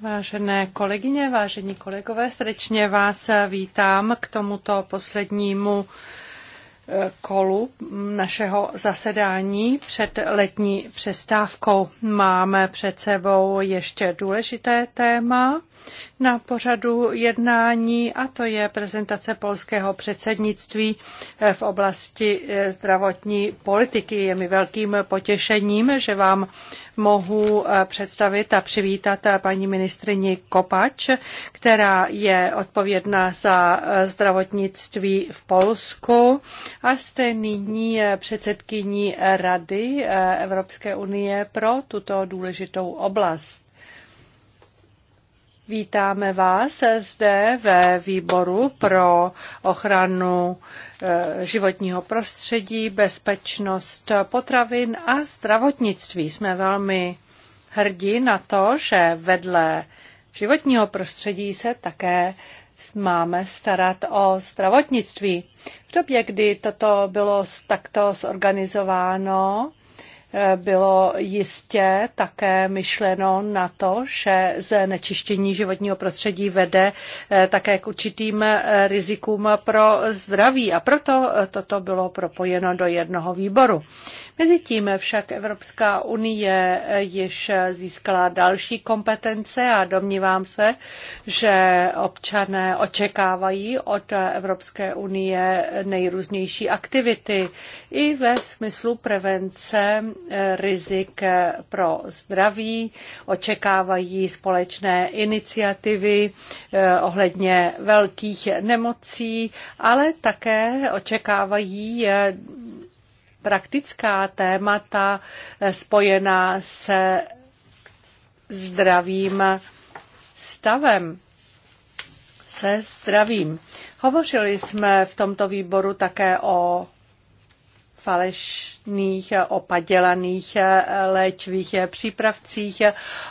Vážené kolegyně, vážení kolegové, srdečně vás vítám k tomuto poslednímu eh, kolu našeho zasedání před letní přestávkou. Máme před sebou ještě důležité téma na pořadu jednání a to je prezentace polského předsednictví eh, v oblasti eh, zdravotní politiky. Je mi velkým potěšením, že vám mohu eh, představit a přivítat eh, paní ministrině Kopač, která je odpovědná za eh, zdravotnictví v Polsku a jste nyní předsedkyní Rady Evropské unie pro tuto důležitou oblast. Vítáme vás zde ve výboru pro ochranu e, životního prostředí, bezpečnost potravin a zdravotnictví. Jsme velmi hrdí na to, že vedle životního prostředí se také máme starat o zdravotnictví. V době, kdy toto bylo takto zorganizováno, Eh, bylo jistě také myšleno na to, že znečištění životního prostředí vede eh, také k určitým eh, rizikům pro zdraví a proto toto bylo propojeno do jednoho výboru. Mezitím však Evropská unie již získala další kompetence a domnívám se, že občané očekávají od Evropské unie nejrůznější aktivity i ve smyslu prevence rizik pro zdraví, očekávají společné iniciativy eh, ohledně velkých nemocí, ale také očekávají eh, praktická témata eh, spojená se zdravým stavem, se zdravím. Hovořili jsme v tomto výboru také o falešných opadělaných eh, léčivých eh, přípravcích.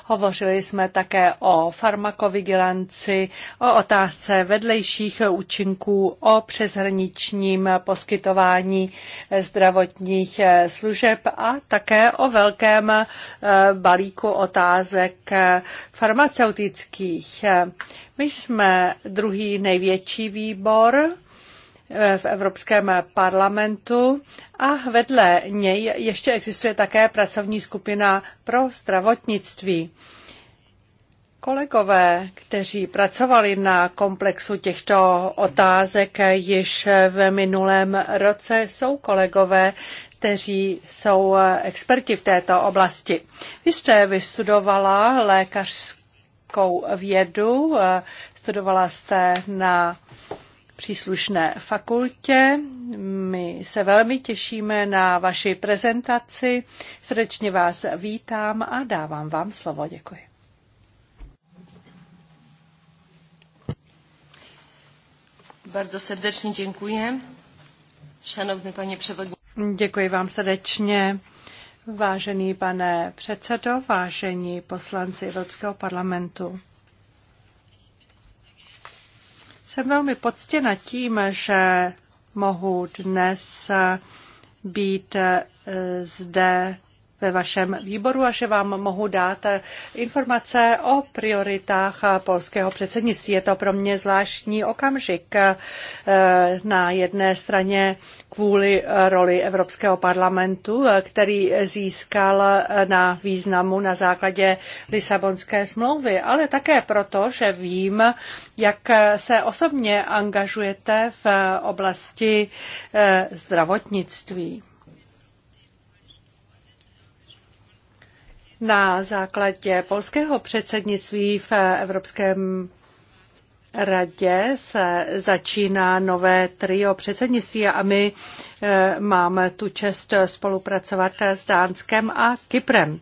Hovořili jsme také o farmakovigilanci, o otázce vedlejších účinků, o přeshraničním poskytování zdravotních eh, služeb a také o velkém balíku otázek farmaceutických. My jsme druhý největší výbor v Evropském parlamentu a vedle něj ještě existuje také pracovní skupina pro zdravotnictví. Kolegové, kteří pracovali na komplexu těchto otázek již v minulém roce, jsou kolegové, kteří jsou experti v této oblasti. Vy jste vystudovala lékařskou vědu, studovala jste na příslušné fakultě. My se velmi těšíme na vaši prezentaci. Srdečně vás vítám a dávám vám slovo. Děkuji. Bardzo srdečně děkuji. Szanowny panie przewodniczący. Děkuji vám srdečně. Vážený pane předsedo, vážení poslanci Evropského parlamentu. Jsem velmi poctěna tím, že mohu dnes být eh, zde ve vašem výboru a že vám mohu dát informace o prioritách polského předsednictví. Je to pro mě zvláštní okamžik eh, na jedné straně kvůli roli Evropského parlamentu, který získal na významu na základě Lisabonské smlouvy, ale také proto, že vím, jak se osobně angažujete v oblasti eh, zdravotnictví. na základě polského předsednictví v Evropském radě se začíná nové trio předsednictví a my eh, máme tu čest spolupracovat s Dánskem a Kyprem.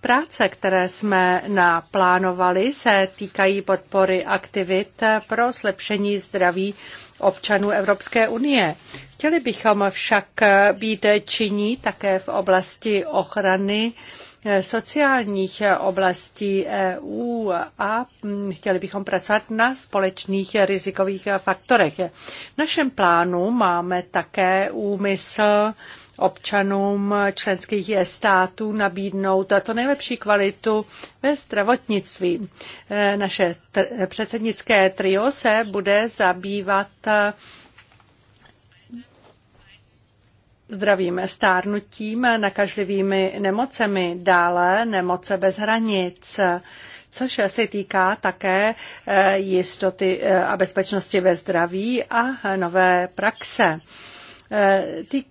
Práce, které jsme naplánovali, se týkají podpory aktivit pro zlepšení zdraví občanů Evropské unie. Chtěli bychom však být činní také v oblasti ochrany sociálních eh, oblastí EU a hm, chtěli bychom pracovat na společných eh, rizikových eh, faktorech. V našem plánu máme také úmysl občanům členských států nabídnout to nejlepší kvalitu ve zdravotnictví. Naše předsednické trio se bude zabývat Zdravím stárnutím, nakažlivými nemocemi, dále nemoce bez hranic, což se týká také eh, jistoty eh, a bezpečnosti ve zdraví a nové praxe. Eh, ty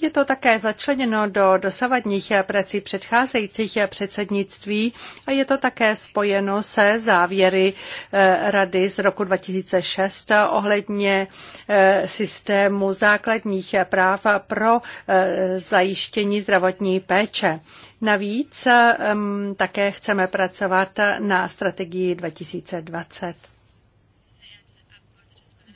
je to také začleněno do dosavadních prací předcházejících předsednictví a je to také spojeno se závěry eh, Rady z roku 2006 ohledně eh, systému základních práv pro eh, zajištění zdravotní péče. Navíc ehm, také chceme pracovat na strategii 2020.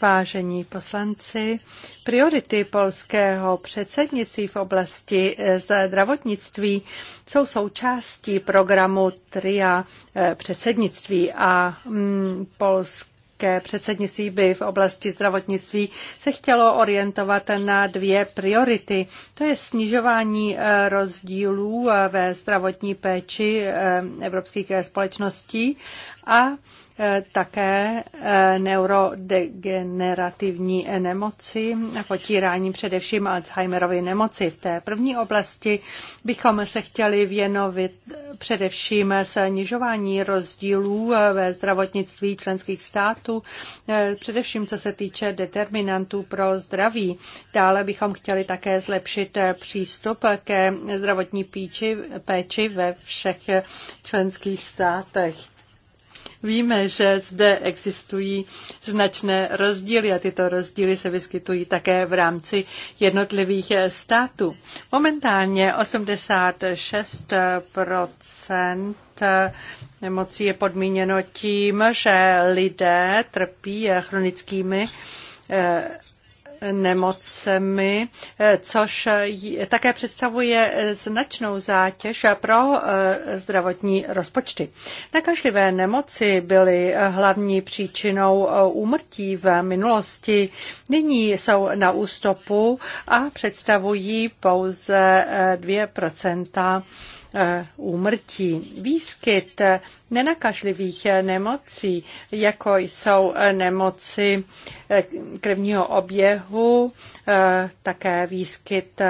Vážení poslanci, priority polského předsednictví v oblasti eh, zdravotnictví jsou součástí programu TRIA eh, předsednictví a mm, polské předsednictví by v oblasti zdravotnictví se chtělo orientovat na dvě priority. To je snižování eh, rozdílů ve zdravotní péči evropských společností a Eh, také eh, neurodegenerativní nemoci, potírání především Alzheimerovy nemoci. V té první oblasti bychom se chtěli věnovit především snižování rozdílů eh, ve zdravotnictví členských států, především co se týče determinantů pro zdraví. Dále bychom chtěli také zlepšit přístup ke zdravotní péči, péči ve všech členských státech. Víme, že zde existují značné rozdíly a tyto rozdíly se vyskytují také v rámci jednotlivých států. Momentálně 86 nemocí je podmíněno tím, že lidé trpí chronickými eh, nemocemi, eh, což také představuje značnou zátěž pro eh, zdravotní rozpočty. Nakažlivé nemoci byly eh, hlavní příčinou úmrtí v minulosti. Nyní jsou na ústupu a představují pouze 2 Eh, úmrtí. Výskyt nenakažlivých nemocí, jako jsou nemoci eh, krevního oběhu, eh, také výskyt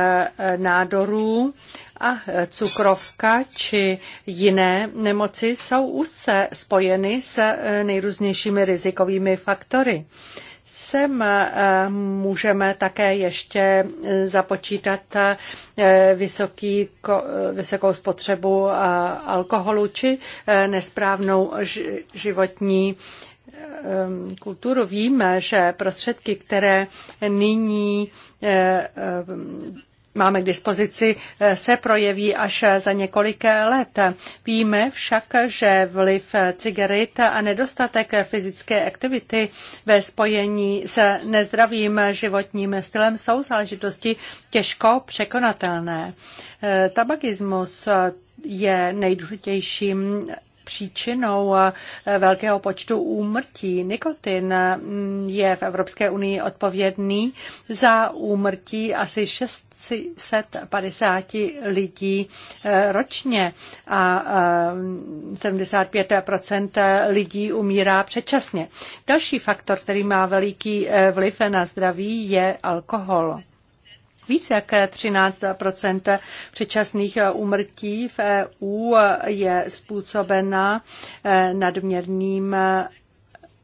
nádorů a cukrovka či jiné nemoci jsou úzce spojeny s nejrůznějšími rizikovými faktory sem eh, můžeme také ještě eh, započítat eh, vysoký, vysokou spotřebu alkoholu či nesprávnou životní kulturu. Víme, že prostředky, které nyní máme k dispozici, eh, se projeví až za několik let. Víme však, že vliv cigaret a nedostatek fyzické aktivity ve spojení s nezdravým životním stylem jsou záležitosti těžko překonatelné. Eh, Tabakismus je nejdůležitějším příčinou eh, velkého počtu úmrtí. Nikotin mm, je v Evropské unii odpovědný za úmrtí asi 6 350 lidí eh, ročně a 75 eh, lidí umírá předčasně. Další faktor, který má veliký eh, vliv na zdraví, je alkohol. Víc jak 13 předčasných úmrtí v EU je způsobena nadměrným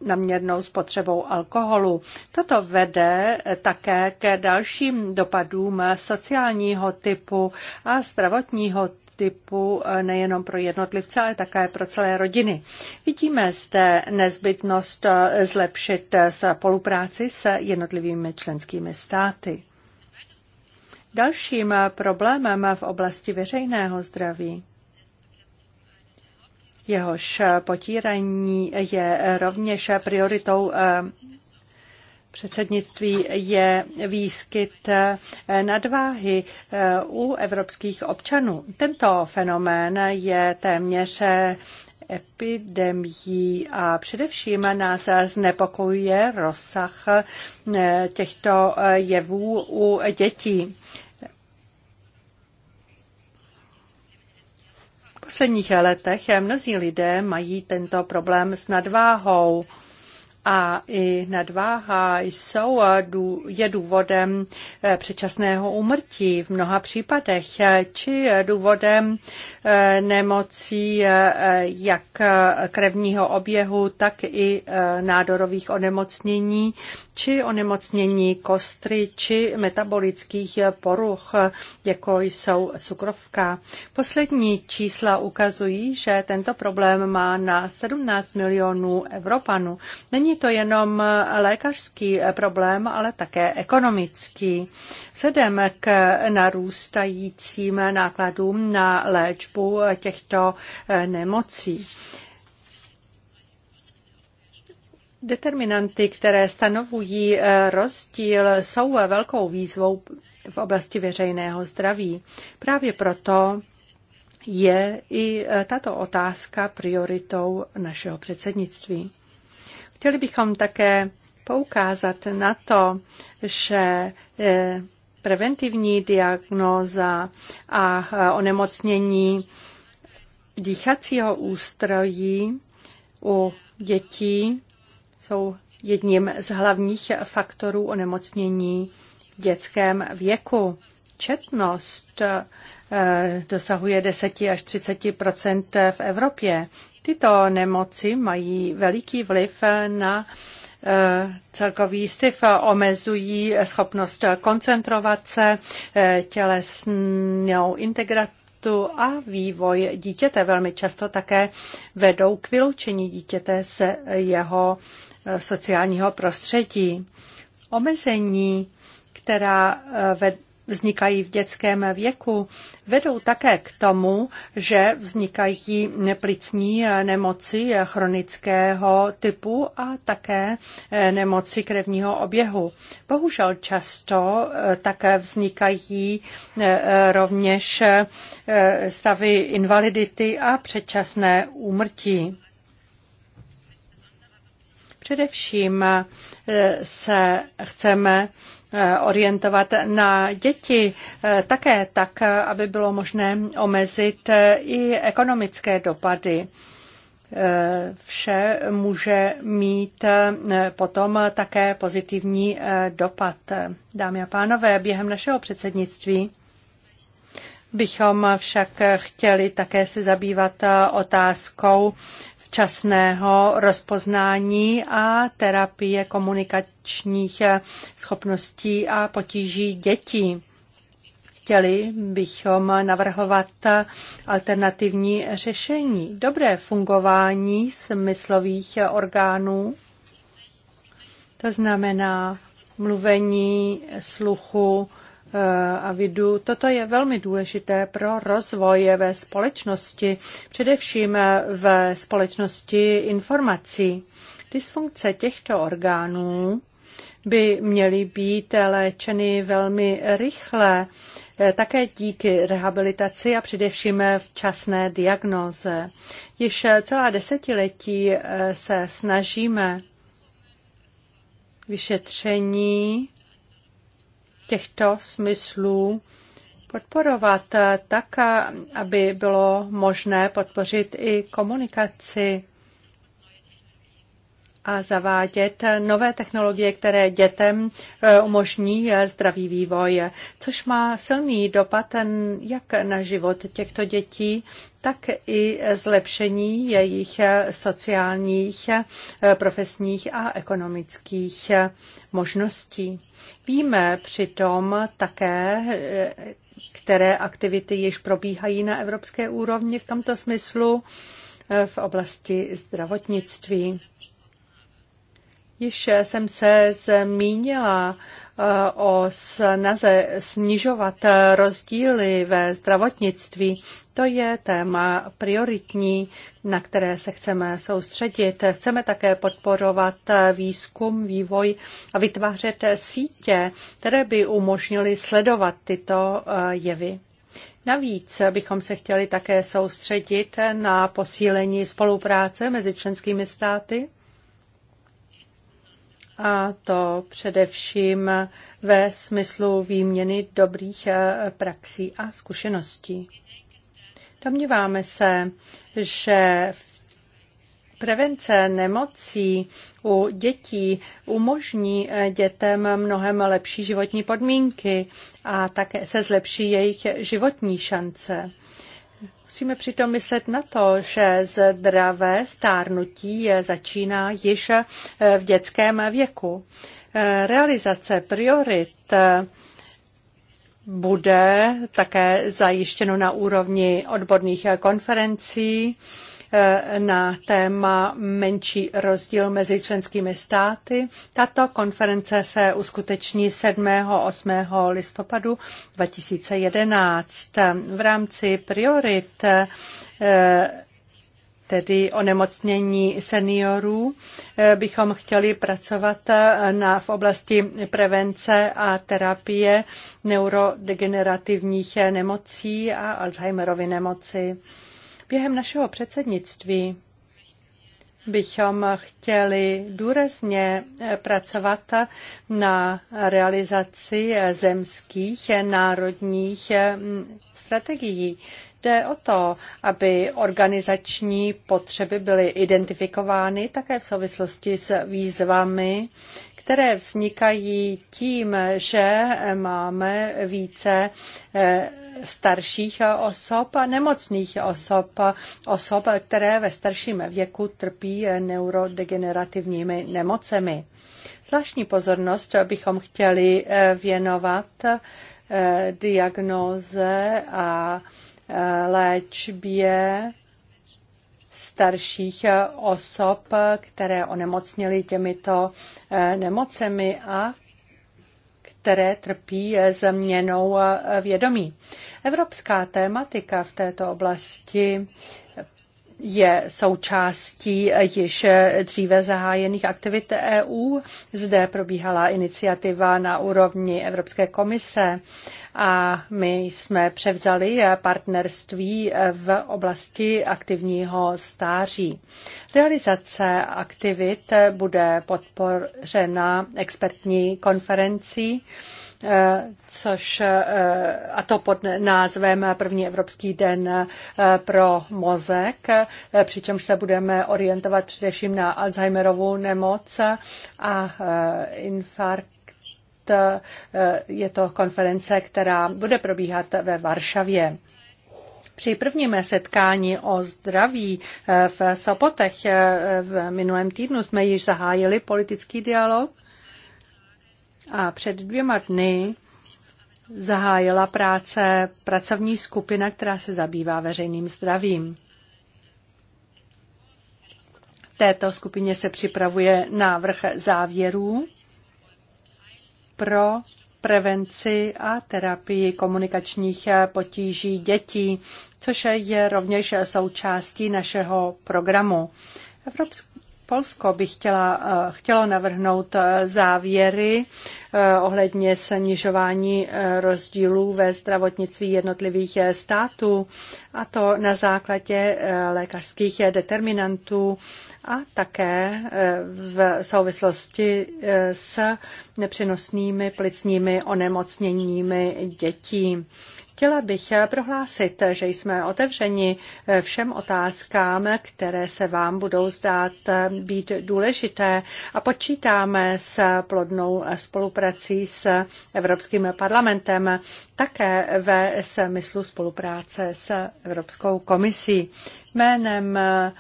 nadměrnou spotřebou alkoholu. Toto vede také ke dalším dopadům sociálního typu a zdravotního typu eh, nejenom pro jednotlivce, ale také pro celé rodiny. Vidíme zde nezbytnost eh, zlepšit eh, spolupráci s jednotlivými členskými státy. Dalším problémem v oblasti veřejného zdraví Jehož potírání je rovněž prioritou eh, předsednictví je výskyt eh, nadváhy eh, u evropských občanů. Tento fenomén je téměř epidemií a především nás znepokojuje rozsah těchto jevů u dětí. posledních letech mnozí lidé mají tento problém s nadváhou a i nadváha jsou, je důvodem eh, předčasného úmrtí v mnoha případech, eh, či důvodem eh, nemocí jak krevního oběhu, tak i nádorových onemocnění, či onemocnění kostry, či metabolických poruch, jako jsou cukrovka. Poslední čísla ukazují, že tento problém má na 17 milionů Evropanů. Není to jenom lékařský problém, ale také ekonomický. Vzhledem k narůstajícím nákladům na léčbu těchto eh, nemocí. Determinanty, které stanovují eh, rozdíl, jsou velkou výzvou v oblasti veřejného zdraví. Právě proto je i eh, tato otázka prioritou našeho předsednictví. Chtěli bychom také poukázat na to, že eh, preventivní diagnóza a eh, onemocnění dýchacího ústrojí u dětí jsou jedním z hlavních faktorů onemocnění v dětském věku. Četnost eh, dosahuje 10 až 30 v Evropě. Tyto nemoci mají veliký vliv na eh, celkový stiv, omezují schopnost koncentrovat se, eh, tělesnou integraci a vývoj dítěte velmi často také vedou k vyloučení dítěte z jeho eh, sociálního prostředí. Omezení, která ved vznikají v dětském věku, vedou také k tomu, že vznikají plicní nemoci chronického typu a také nemoci krevního oběhu. Bohužel často také vznikají eh, rovněž eh, stavy invalidity a předčasné úmrtí. Především eh, se chceme Eh, orientovat na děti eh, také tak, eh, aby bylo možné omezit i ekonomické dopady. Vše může mít potom také pozitivní dopad. Dámy a pánové, během našeho předsednictví bychom však chtěli také se zabývat otázkou včasného rozpoznání a terapie komunikačních schopností a potíží dětí. Chtěli bychom navrhovat alternativní řešení, dobré fungování smyslových orgánů, to znamená mluvení, sluchu, Eh, a vidu. Toto je velmi důležité pro rozvoj ve společnosti, především ve společnosti informací. Dysfunkce těchto orgánů by měly být léčeny velmi rychle, eh, také díky rehabilitaci a především včasné diagnoze. Již celá desetiletí eh, se snažíme vyšetření těchto smyslů podporovat eh, tak, eh, aby bylo možné podpořit i komunikaci a zavádět nové technologie, které dětem e, umožní e, zdravý vývoj, což má silný dopad jak na život těchto dětí, tak i zlepšení jejich sociálních, e, profesních a ekonomických možností. Víme přitom také, které aktivity již probíhají na evropské úrovni v tomto smyslu v oblasti zdravotnictví. Již jsem se zmínila eh, o snaze snižovat rozdíly ve zdravotnictví. To je téma prioritní, na které se chceme soustředit. Chceme také podporovat výzkum, vývoj a vytvářet sítě, které by umožnily sledovat tyto eh, jevy. Navíc bychom se chtěli také soustředit na posílení spolupráce mezi členskými státy a to především ve smyslu výměny dobrých eh, praxí a zkušeností. Domníváme se, že Prevence nemocí u dětí umožní eh, dětem mnohem lepší životní podmínky a také se zlepší jejich životní šance. Musíme přitom myslet na to, že zdravé stárnutí začíná již eh, v dětském věku. Eh, realizace priorit eh, bude také zajištěno na úrovni odborných konferencí, Eh, na téma menší rozdíl mezi členskými státy. Tato konference se uskuteční 7. 8. listopadu 2011 v rámci priorit eh, tedy onemocnění seniorů, eh, bychom chtěli pracovat na, v oblasti prevence a terapie neurodegenerativních nemocí a Alzheimerovy nemoci. Během našeho předsednictví bychom chtěli důrazně eh, pracovat na realizaci eh, zemských eh, národních strategií. Jde o to, aby organizační potřeby byly identifikovány také v souvislosti s výzvami, které vznikají tím, že máme více starších osob, nemocných osob, osob, které ve starším věku trpí neurodegenerativními nemocemi. Zvláštní pozornost bychom chtěli eh, věnovat eh, diagnoze a eh, léčbě starších osob, které onemocněly těmito nemocemi a které trpí změnou vědomí. Evropská tématika v této oblasti je součástí již dříve zahájených aktivit EU. Zde probíhala iniciativa na úrovni Evropské komise a my jsme převzali partnerství v oblasti aktivního stáří. Realizace aktivit bude podpořena expertní konferencí Eh, což eh, a to pod názvem První Evropský den eh, pro mozek, přičemž se budeme orientovat především na Alzheimerovou nemoc a infarkt je to konference, která bude probíhat ve Varšavě. Při prvním setkání o zdraví v Sopotech v minulém týdnu jsme již zahájili politický dialog a před dvěma dny zahájila práce pracovní skupina, která se zabývá veřejným zdravím. V této skupině se připravuje návrh závěrů pro prevenci a terapii komunikačních potíží dětí, což je rovněž součástí našeho programu. Evropský Polsko by chtěla, eh, chtělo navrhnout eh, závěry eh, ohledně snižování rozdílů ve zdravotnictví jednotlivých států, a to na základě lékařských determinantů a také v souvislosti s nepřenosnými plicními onemocněními dětí. Chtěla bych eh, prohlásit, eh, že jsme otevřeni eh, všem otázkám, které se vám budou zdát být důležité a počítáme s plodnou spoluprací s Evropským parlamentem, také ve smyslu spolupráce s Evropskou komisí. Jménem eh,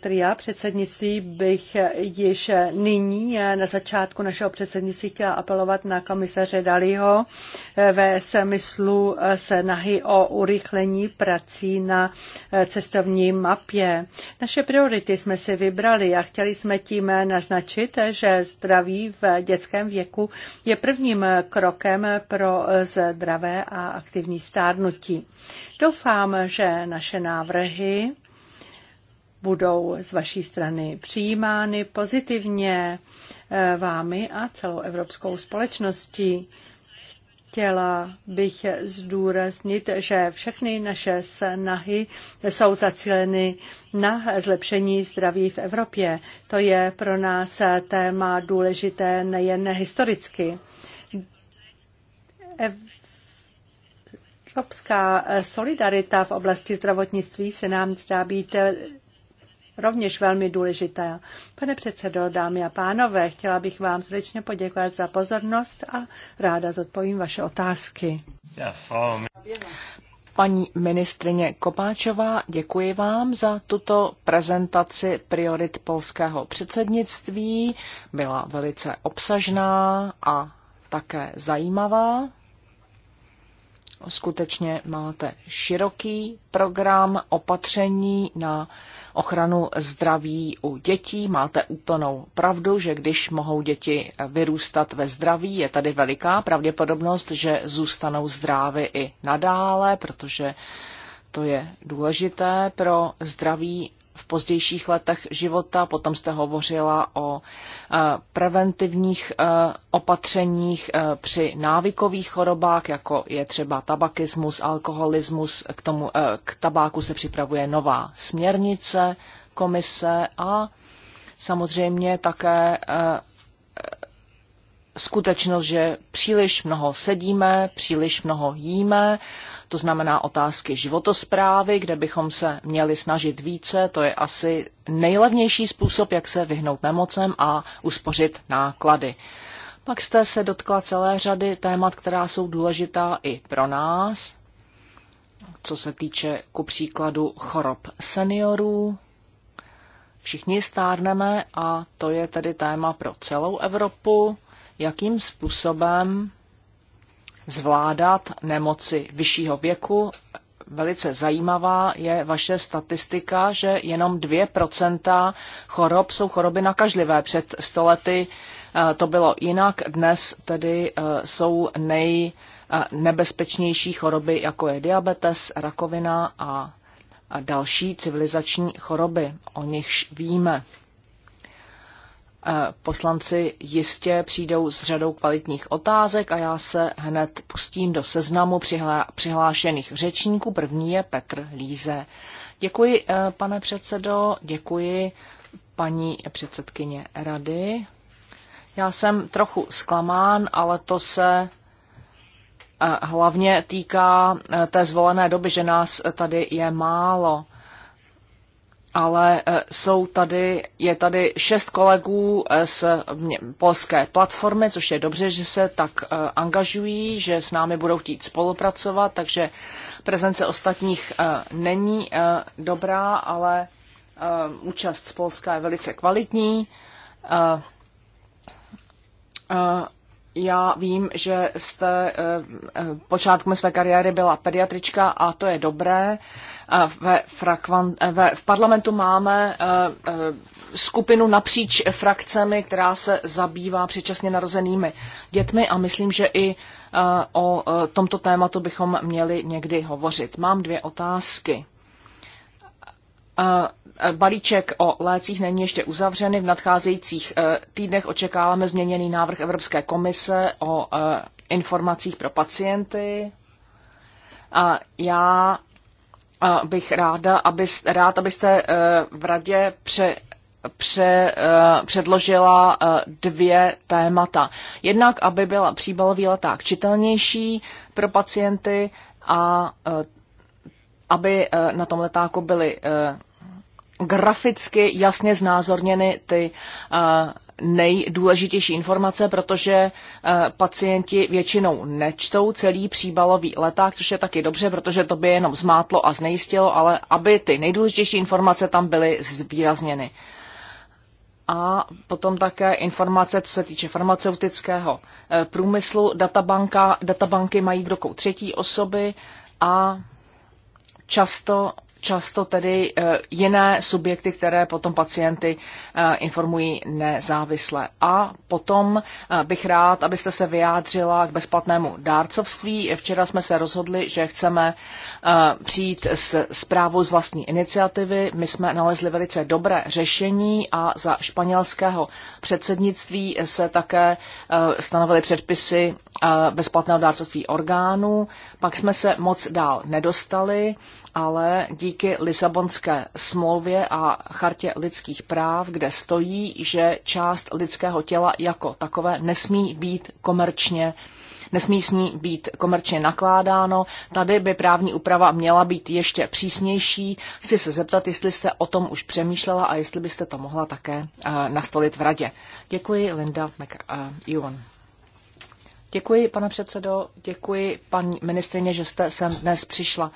tria předsednictví bych již nyní eh, na začátku našeho předsednictví chtěla apelovat na komisaře Daliho eh, ve smyslu snahy o urychlení prací na cestovní mapě. Naše priority jsme si vybrali a chtěli jsme tím naznačit, že zdraví v dětském věku je prvním krokem pro zdravé a aktivní stárnutí. Doufám, že naše návrhy budou z vaší strany přijímány pozitivně eh, vámi a celou evropskou společností. Chtěla bych zdůraznit, že všechny naše snahy jsou zacíleny na zlepšení zdraví v Evropě. To je pro nás téma důležité nejen historicky. Evropská eh, solidarita v oblasti zdravotnictví se nám zdá být eh, rovněž velmi důležitá. Pane předsedo, dámy a pánové, chtěla bych vám srdečně poděkovat za pozornost a ráda zodpovím vaše otázky. Paní ministrině Kopáčová, děkuji vám za tuto prezentaci priorit polského předsednictví. Byla velice obsažná a také zajímavá skutečně máte široký program opatření na ochranu zdraví u dětí. Máte úplnou pravdu, že když mohou děti vyrůstat ve zdraví, je tady veliká pravděpodobnost, že zůstanou zdrávy i nadále, protože to je důležité pro zdraví v pozdějších letech života. Potom jste hovořila o eh, preventivních eh, opatřeních eh, při návykových chorobách, jako je třeba tabakismus, alkoholismus. K, tomu, k tabáku se připravuje nová směrnice komise a samozřejmě také skutečnost, že příliš mnoho sedíme, příliš mnoho jíme, to znamená otázky životosprávy, kde bychom se měli snažit více, to je asi nejlevnější způsob, jak se vyhnout nemocem a uspořit náklady. Pak jste se dotkla celé řady témat, která jsou důležitá i pro nás, co se týče ku příkladu chorob seniorů. Všichni stárneme a to je tedy téma pro celou Evropu jakým způsobem zvládat nemoci vyššího věku. Velice zajímavá je vaše statistika, že jenom 2% chorob jsou choroby nakažlivé. Před stolety eh, to bylo jinak, dnes tedy eh, jsou nejnebezpečnější eh, choroby, jako je diabetes, rakovina a další civilizační choroby, o nichž víme. Eh, poslanci jistě přijdou s řadou kvalitních otázek a já se hned pustím do seznamu přihla- přihlášených řečníků. První je Petr Líze. Děkuji, eh, pane předsedo, děkuji paní předsedkyně rady. Já jsem trochu zklamán, ale to se eh, hlavně týká té zvolené doby, že nás tady je málo ale eh, jsou tady, je tady šest kolegů eh, z polské platformy, což je dobře, že se tak eh, angažují, že s námi budou chtít spolupracovat, takže prezence ostatních není dobrá, ale účast z Polska je velice kvalitní. Já vím, že jste eh, eh, počátkem své kariéry byla pediatrička a to je dobré. Eh, ve, frakvan, ve, v parlamentu máme skupinu napříč frakcemi, která se zabývá předčasně narozenými dětmi a myslím, že i o tomto tématu bychom měli někdy hovořit. Mám dvě otázky. Balíček o lécích není ještě uzavřený. V nadcházejících e, týdnech očekáváme změněný návrh Evropské komise o e, informacích pro pacienty. A já bych ráda, aby, rád, abyste e, v radě pře, pře, předložila dvě témata. Jednak, aby byla příbalový leták čitelnější pro pacienty a aby na tom letáku byly graficky jasně znázorněny ty eh, nejdůležitější informace, protože eh, pacienti většinou nečtou celý příbalový leták, což je taky dobře, protože to by jenom zmátlo a znejistilo, ale aby ty nejdůležitější informace tam byly zvýrazněny. A potom také informace, co se týče farmaceutického eh, průmyslu. Databanka, databanky mají v rukou třetí osoby a často často tedy eh, jiné subjekty, které potom pacienty eh, informují nezávisle. A potom eh, bych rád, abyste se vyjádřila k bezplatnému dárcovství. Včera jsme se rozhodli, že chceme přijít s zprávou z vlastní iniciativy. My jsme nalezli velice dobré řešení a za španělského předsednictví se také stanovily předpisy bezplatného dárcovství orgánů. Pak jsme se moc dál nedostali, ale díky díky Lisabonské smlouvě a chartě lidských práv, kde stojí, že část lidského těla jako takové nesmí být komerčně nesmí s ní být komerčně nakládáno. Tady by právní úprava měla být ještě přísnější. Chci se zeptat, jestli jste o tom už přemýšlela a jestli byste to mohla také eh, nastolit v radě. Děkuji, Linda McEwan. Děkuji, pane předsedo, děkuji, paní ministrině, že jste sem dnes přišla.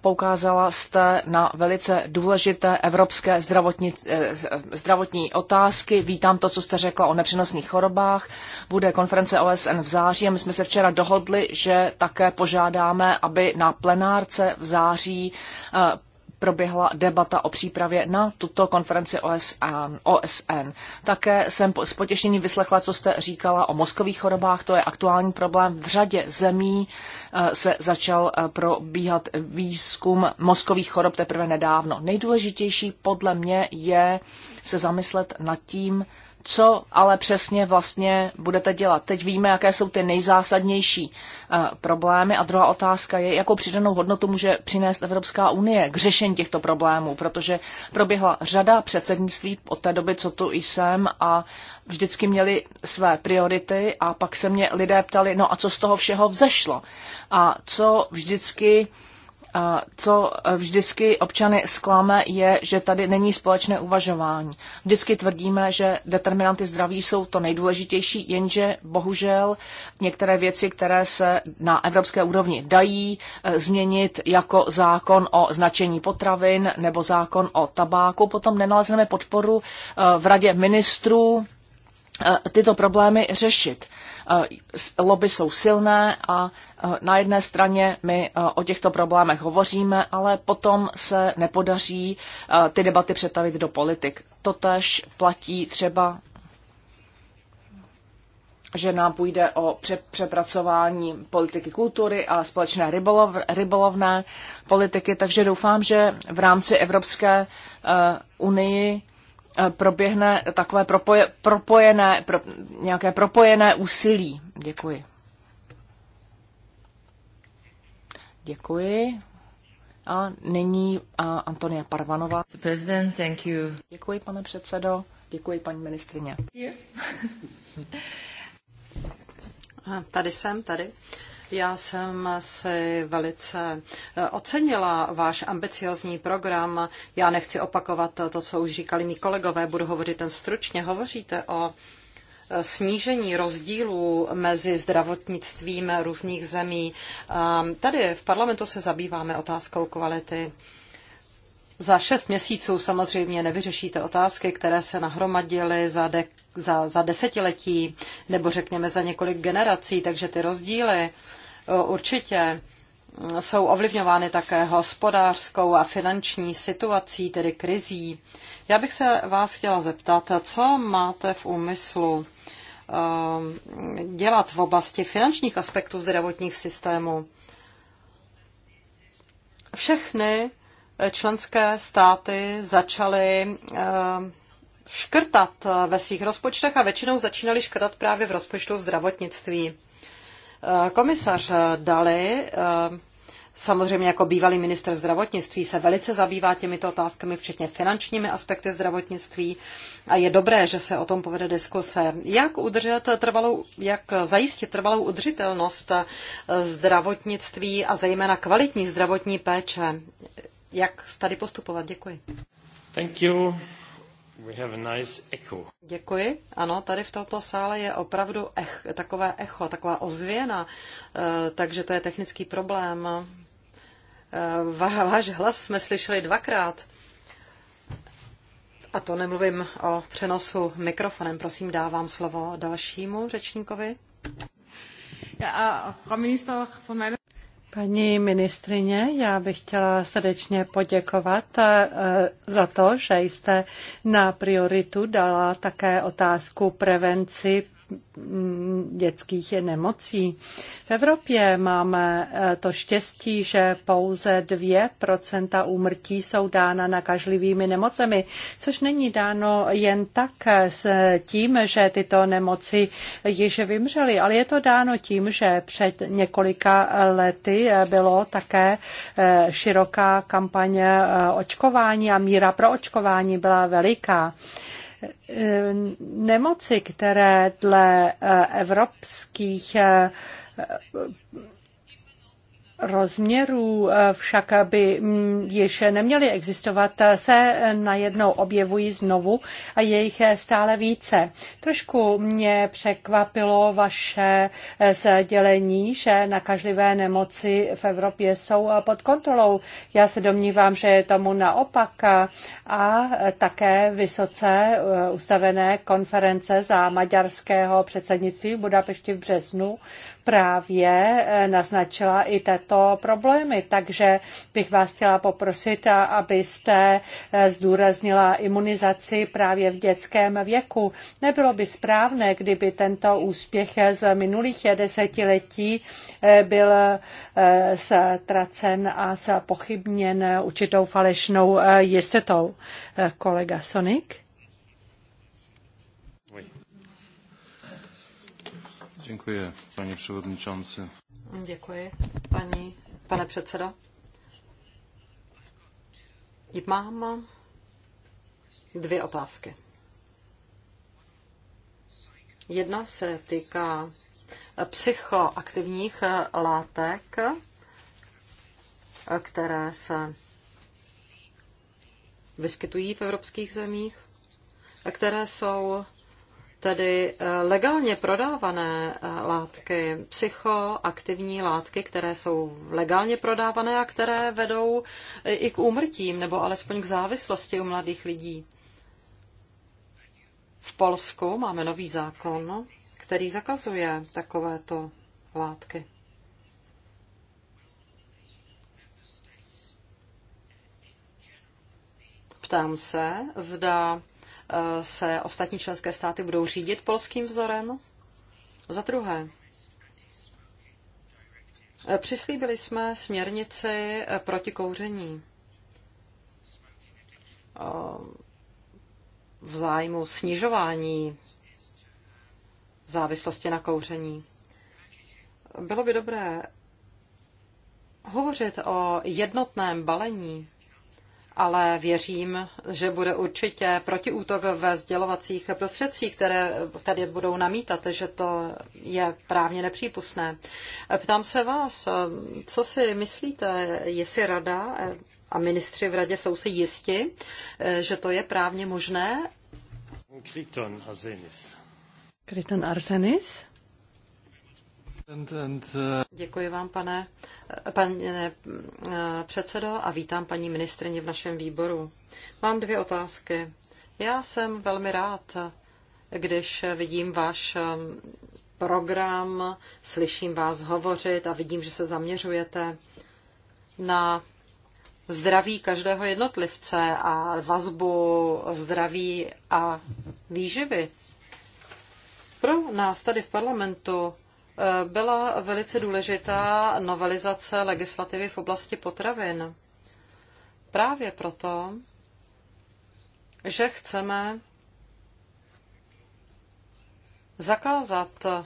Poukázala jste na velice důležité evropské zdravotní, eh, zdravotní otázky. Vítám to, co jste řekla o nepřenosných chorobách. Bude konference OSN v září a my jsme se včera dohodli, že také požádáme, aby na plenárce v září eh, proběhla debata o přípravě na tuto konferenci OSN. OSN. Také jsem s potěšením vyslechla, co jste říkala o mozkových chorobách. To je aktuální problém. V řadě zemí eh, se začal eh, probíhat výzkum mozkových chorob teprve nedávno. Nejdůležitější podle mě je se zamyslet nad tím, co ale přesně vlastně budete dělat. Teď víme, jaké jsou ty nejzásadnější eh, problémy. A druhá otázka je, jakou přidanou hodnotu může přinést Evropská unie k řešení těchto problémů, protože proběhla řada předsednictví od té doby, co tu jsem a vždycky měli své priority a pak se mě lidé ptali, no a co z toho všeho vzešlo a co vždycky co vždycky občany zklame, je, že tady není společné uvažování. Vždycky tvrdíme, že determinanty zdraví jsou to nejdůležitější, jenže bohužel některé věci, které se na evropské úrovni dají eh, změnit jako zákon o značení potravin nebo zákon o tabáku, potom nenalezneme podporu eh, v radě ministrů Eh, tyto problémy řešit. Eh, lobby jsou silné a eh, na jedné straně my o těchto problémech hovoříme, ale potom se nepodaří ty debaty přetavit do politik. Totež platí třeba že nám půjde o přepracování politiky kultury a společné rybolov, rybolovné politiky, takže doufám, že v rámci Evropské uh, unii proběhne takové propoje, propojené, pro, nějaké propojené úsilí. Děkuji. Děkuji. A nyní Antonia Parvanová. President, thank you. Děkuji, pane předsedo. Děkuji, paní ministrině. Yeah. Tady jsem, tady. Já jsem si velice eh, ocenila váš ambiciozní program. Já nechci opakovat to, co už říkali mý kolegové, budu hovořit ten stručně. Hovoříte o eh, snížení rozdílů mezi zdravotnictvím různých zemí. Ehm, tady v parlamentu se zabýváme otázkou kvality za šest měsíců samozřejmě nevyřešíte otázky, které se nahromadily za, de, za, za desetiletí nebo řekněme za několik generací, takže ty rozdíly eh, určitě mm, jsou ovlivňovány také hospodářskou a finanční situací, tedy krizí. Já bych se vás chtěla zeptat, co máte v úmyslu eh, dělat v oblasti finančních aspektů zdravotních systémů? Všechny členské státy začaly eh, škrtat eh, ve svých rozpočtech a většinou začínali škrtat právě v rozpočtu zdravotnictví. Eh, komisař Dali, samozřejmě jako bývalý minister zdravotnictví, se velice zabývá těmito otázkami, včetně finančními aspekty zdravotnictví a je dobré, že se o tom povede diskuse. Jak, udržet trvalou, jak zajistit trvalou udržitelnost zdravotnictví a zejména kvalitní zdravotní péče? jak tady postupovat. Děkuji. Thank you. We have a nice echo. Děkuji. Ano, tady v tomto sále je opravdu ech, takové echo, taková ozvěna, eh, takže to je technický problém. Eh, váš hlas jsme slyšeli dvakrát. A to nemluvím o přenosu mikrofonem. Prosím, dávám slovo dalšímu řečníkovi. Paní ministrině, já bych chtěla srdečně poděkovat eh, za to, že jste na prioritu dala také otázku prevenci dětských nemocí. V Evropě máme eh, to štěstí, že pouze 2% úmrtí jsou dána nakažlivými nemocemi, což není dáno jen tak eh, s tím, že tyto nemoci již vymřely, ale je to dáno tím, že před několika eh, lety bylo také široká kampaně očkování a míra pro očkování byla veliká. Eh, nemoci, které dle eh, evropských eh, rozměrů eh, však by mm, již neměly existovat, eh, se najednou objevují znovu a je jich eh, stále více. Trošku mě překvapilo vaše sdělení, že nakažlivé nemoci v Evropě jsou pod kontrolou. Já se domnívám, že je tomu naopak a také vysoce ustavené konference za maďarského předsednictví v Budapešti v březnu právě eh, naznačila i tato problémy. Takže bych vás chtěla poprosit, abyste eh, zdůraznila imunizaci právě v dětském věku. Nebylo by správné, kdyby tento úspěch eh, z minulých desetiletí byl ztracen a pochybněn určitou falešnou jistotou. Kolega Sonik? Děkuji, paní předsedající. Děkuji, paní, pane předsedo. Mám dvě otázky. Jedna se týká psychoaktivních látek, které se vyskytují v evropských zemích, které jsou tedy eh, legálně prodávané eh, látky, psychoaktivní látky, které jsou legálně prodávané a které vedou eh, i k úmrtím nebo alespoň k závislosti u mladých lidí. V Polsku máme nový zákon, který zakazuje takovéto látky. Ptám se, zda Eh, se ostatní členské státy budou řídit polským vzorem? Za druhé, eh, přislíbili jsme směrnici eh, proti kouření v zájmu snižování závislosti na kouření. Bylo by dobré hovořit o jednotném balení ale věřím, že bude určitě protiútok ve sdělovacích prostředcích, které tady budou namítat, že to je právně nepřípustné. Ptám se vás, co si myslíte, jestli rada a ministři v radě jsou si jisti, že to je právně možné? Kryton Arsenis. Kryton Arsenis? Uh, Děkuji vám, pane, pane eh, předsedo, a vítám paní ministrině v našem výboru. Mám dvě otázky. Já jsem velmi rád, když vidím váš eh, program, slyším vás hovořit a vidím, že se zaměřujete na zdraví každého jednotlivce a vazbu zdraví a výživy. Pro nás tady v parlamentu Eh, byla velice důležitá novelizace legislativy v oblasti potravin. Právě proto, že chceme zakázat eh,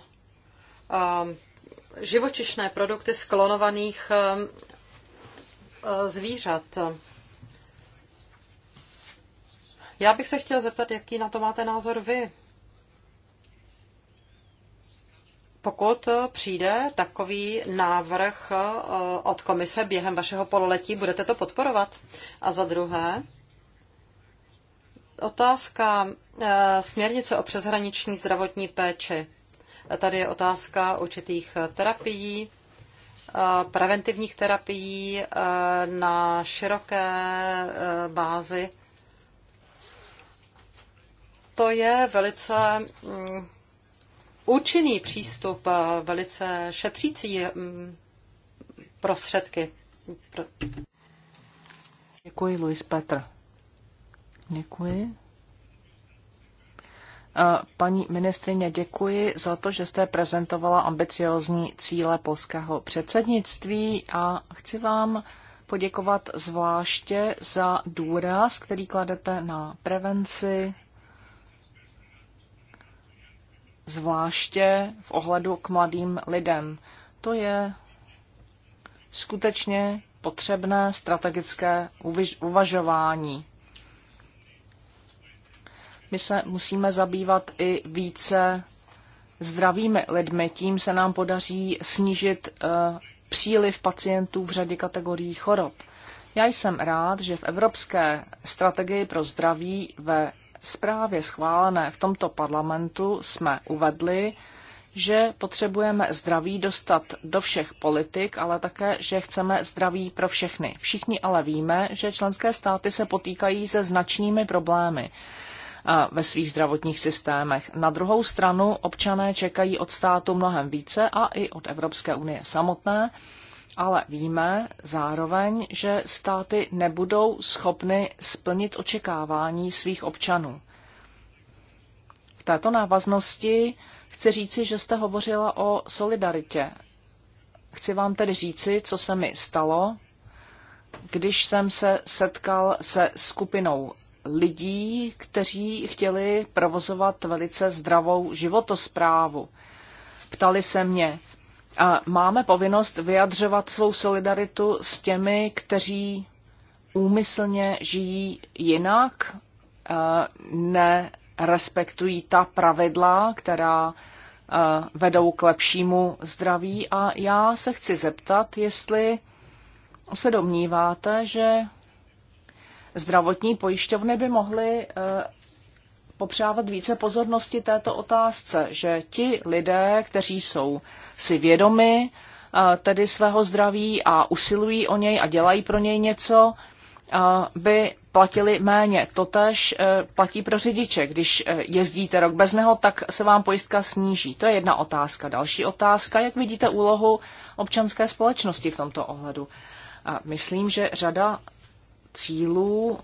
živočišné produkty z klonovaných eh, zvířat. Já bych se chtěla zeptat, jaký na to máte názor vy. pokud přijde takový návrh eh, od komise během vašeho pololetí, budete to podporovat? A za druhé, otázka eh, směrnice o přeshraniční zdravotní péči. Tady je otázka určitých eh, terapií, preventivních terapií na široké bázi. To je velice mm, účinný přístup, eh, velice šetřící mm, prostředky. Děkuji, Luis Petr. Děkuji. Eh, paní ministrině, děkuji za to, že jste prezentovala ambiciozní cíle polského předsednictví a chci vám poděkovat zvláště za důraz, který kladete na prevenci, zvláště v ohledu k mladým lidem. To je skutečně potřebné strategické uvažování. My se musíme zabývat i více zdravými lidmi. Tím se nám podaří snížit eh, příliv pacientů v řadě kategorií chorob. Já jsem rád, že v Evropské strategii pro zdraví ve zprávě schválené v tomto parlamentu jsme uvedli, že potřebujeme zdraví dostat do všech politik, ale také, že chceme zdraví pro všechny. Všichni ale víme, že členské státy se potýkají se značnými problémy ve svých zdravotních systémech. Na druhou stranu občané čekají od státu mnohem více a i od Evropské unie samotné, ale víme zároveň, že státy nebudou schopny splnit očekávání svých občanů. V této návaznosti chci říci, že jste hovořila o solidaritě. Chci vám tedy říci, co se mi stalo, když jsem se setkal se skupinou lidí, kteří chtěli provozovat velice zdravou životosprávu. Ptali se mě, máme povinnost vyjadřovat svou solidaritu s těmi, kteří úmyslně žijí jinak, e, nerespektují ta pravidla, která e, vedou k lepšímu zdraví. A já se chci zeptat, jestli se domníváte, že zdravotní pojišťovny by mohly e, popřávat více pozornosti této otázce, že ti lidé, kteří jsou si vědomi tedy svého zdraví a usilují o něj a dělají pro něj něco, by platili méně. Totež e, platí pro řidiče. Když e, jezdíte rok bez neho, tak se vám pojistka sníží. To je jedna otázka. Další otázka, jak vidíte úlohu občanské společnosti v tomto ohledu? Myslím, že řada cílů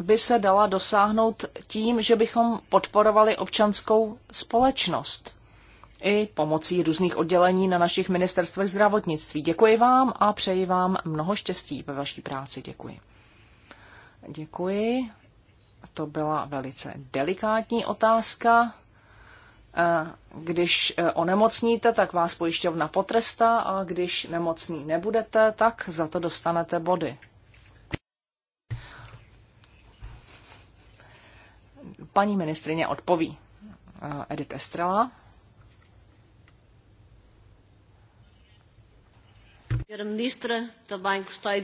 by se dala dosáhnout tím, že bychom podporovali občanskou společnost i pomocí různých oddělení na našich ministerstvech zdravotnictví. Děkuji vám a přeji vám mnoho štěstí ve vaší práci. Děkuji. Děkuji. To byla velice delikátní otázka. Eh, když eh, onemocníte, tak vás pojišťovna potrestá a když nemocný nebudete, tak za to dostanete body. Paní ministrině odpoví. Eh, Edith Estrela.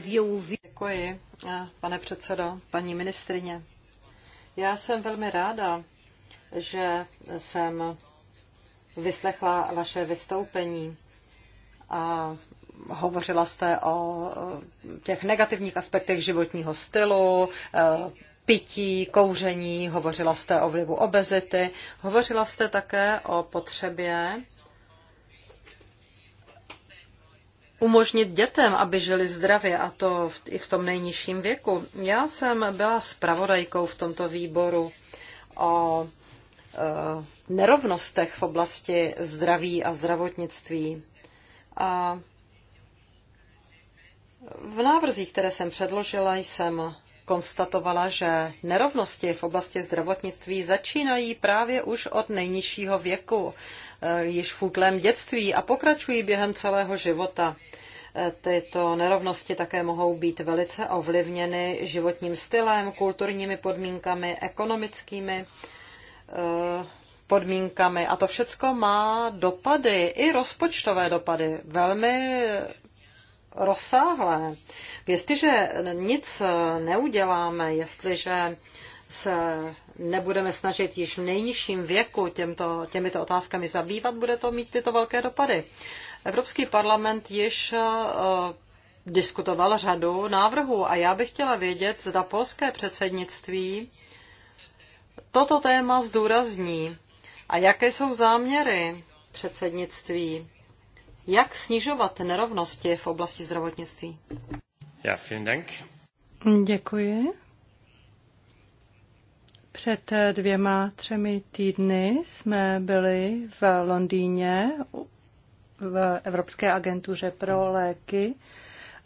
Děkuji, eh, pane předsedo, paní ministrině. Já jsem velmi ráda, že jsem vyslechla vaše vystoupení a hovořila jste o eh, těch negativních aspektech životního stylu, pití, kouření, hovořila jste o vlivu obezity, hovořila jste také o potřebě umožnit dětem, aby žili zdravě, a to v, i v tom nejnižším věku. Já jsem byla spravodajkou v tomto výboru o e, nerovnostech v oblasti zdraví a zdravotnictví. A v návrzích, které jsem předložila, jsem konstatovala, že nerovnosti v oblasti zdravotnictví začínají právě už od nejnižšího věku, eh, již v útlém dětství a pokračují během celého života. Eh, tyto nerovnosti také mohou být velice ovlivněny životním stylem, kulturními podmínkami, ekonomickými eh, podmínkami. A to všechno má dopady, i rozpočtové dopady, velmi rozsáhlé. Jestliže nic neuděláme, jestliže se nebudeme snažit již v nejnižším věku těmto, těmito otázkami zabývat, bude to mít tyto velké dopady. Evropský parlament již uh, diskutoval řadu návrhů a já bych chtěla vědět, zda polské předsednictví toto téma zdůrazní a jaké jsou záměry předsednictví jak snižovat nerovnosti v oblasti zdravotnictví. Já Dank. Děkuji. Před dvěma, třemi týdny jsme byli v Londýně v Evropské agentuře pro léky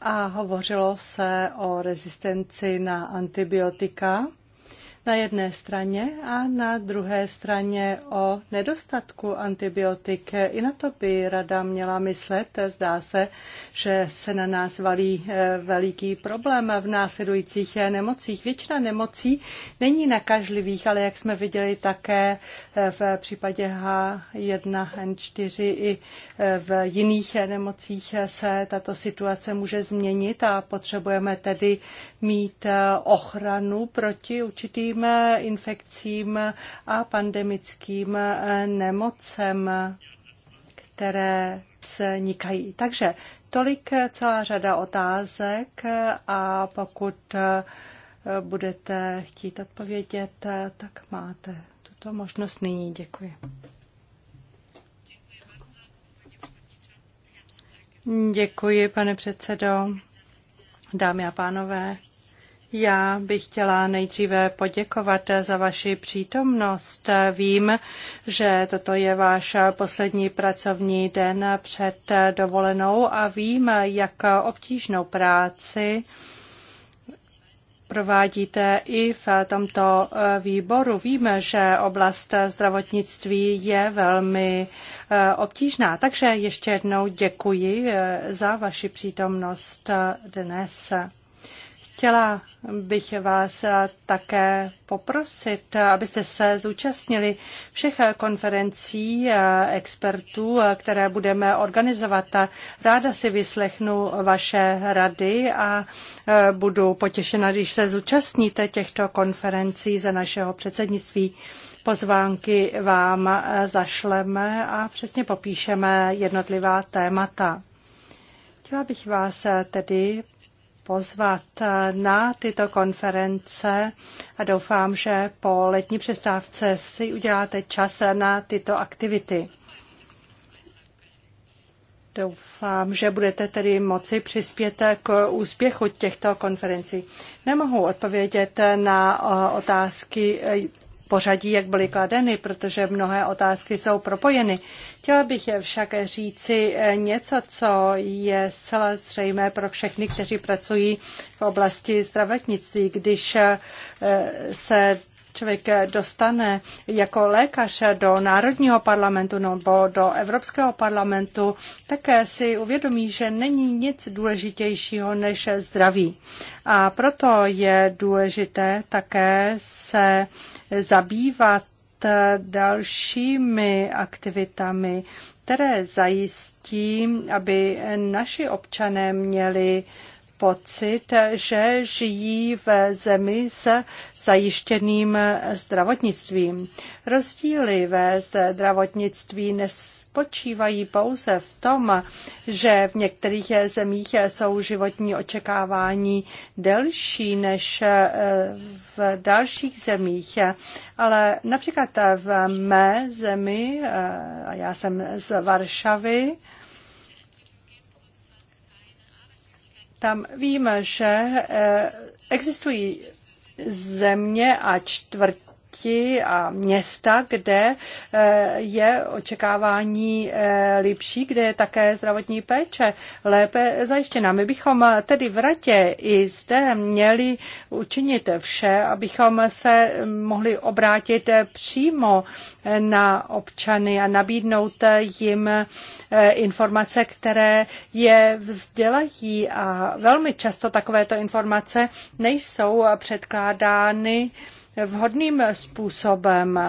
a hovořilo se o rezistenci na antibiotika na jedné straně a na druhé straně o nedostatku antibiotik. I na to by rada měla myslet. Zdá se, že se na nás valí eh, veliký problém v následujících eh, nemocích. Většina nemocí není nakažlivých, ale jak jsme viděli také eh, v případě H1N4 i v jiných nemocích se tato situace může změnit a potřebujeme tedy mít ochranu proti určitým širším infekcím a pandemickým nemocem, které vznikají. Takže tolik celá řada otázek a pokud budete chtít odpovědět, tak máte tuto možnost nyní. Děkuji. Děkuji, pane předsedo. Dámy a pánové, já bych chtěla nejdříve poděkovat za vaši přítomnost. Vím, že toto je váš poslední pracovní den před dovolenou a vím, jak obtížnou práci provádíte i v tomto výboru. Víme, že oblast zdravotnictví je velmi obtížná, takže ještě jednou děkuji za vaši přítomnost dnes. Chtěla bych vás také poprosit, abyste se zúčastnili všech konferencí expertů, které budeme organizovat. Ráda si vyslechnu vaše rady a budu potěšena, když se zúčastníte těchto konferencí za našeho předsednictví. Pozvánky vám zašleme a přesně popíšeme jednotlivá témata. Chtěla bych vás tedy pozvat eh, na tyto konference a doufám, že po letní přestávce si uděláte čas na tyto aktivity. Doufám, že budete tedy moci přispět k úspěchu těchto konferencí. Nemohu odpovědět na eh, otázky eh, pořadí, jak byly kladeny, protože mnohé otázky jsou propojeny. Chtěla bych však říci eh, něco, co je zcela zřejmé pro všechny, kteří pracují v oblasti zdravotnictví. Když eh, se člověk dostane jako lékař do Národního parlamentu nebo do Evropského parlamentu, také si uvědomí, že není nic důležitějšího než zdraví. A proto je důležité také se zabývat dalšími aktivitami, které zajistí, aby naši občané měli pocit, že žijí v zemi s zajištěným zdravotnictvím. Rozdíly ve zdravotnictví nespočívají pouze v tom, že v některých zemích jsou životní očekávání delší než eh, v dalších zemích, ale například v mé zemi, eh, a já jsem z Varšavy, tam víme, že eh, existují země a čtvrt oblasti a města, kde eh, je očekávání eh, lepší, kde je také zdravotní péče lépe zajištěna. My bychom tedy v Ratě i zde měli učinit vše, abychom se mohli obrátit přímo na občany a nabídnout jim eh, informace, které je vzdělají a velmi často takovéto informace nejsou předkládány vhodným způsobem.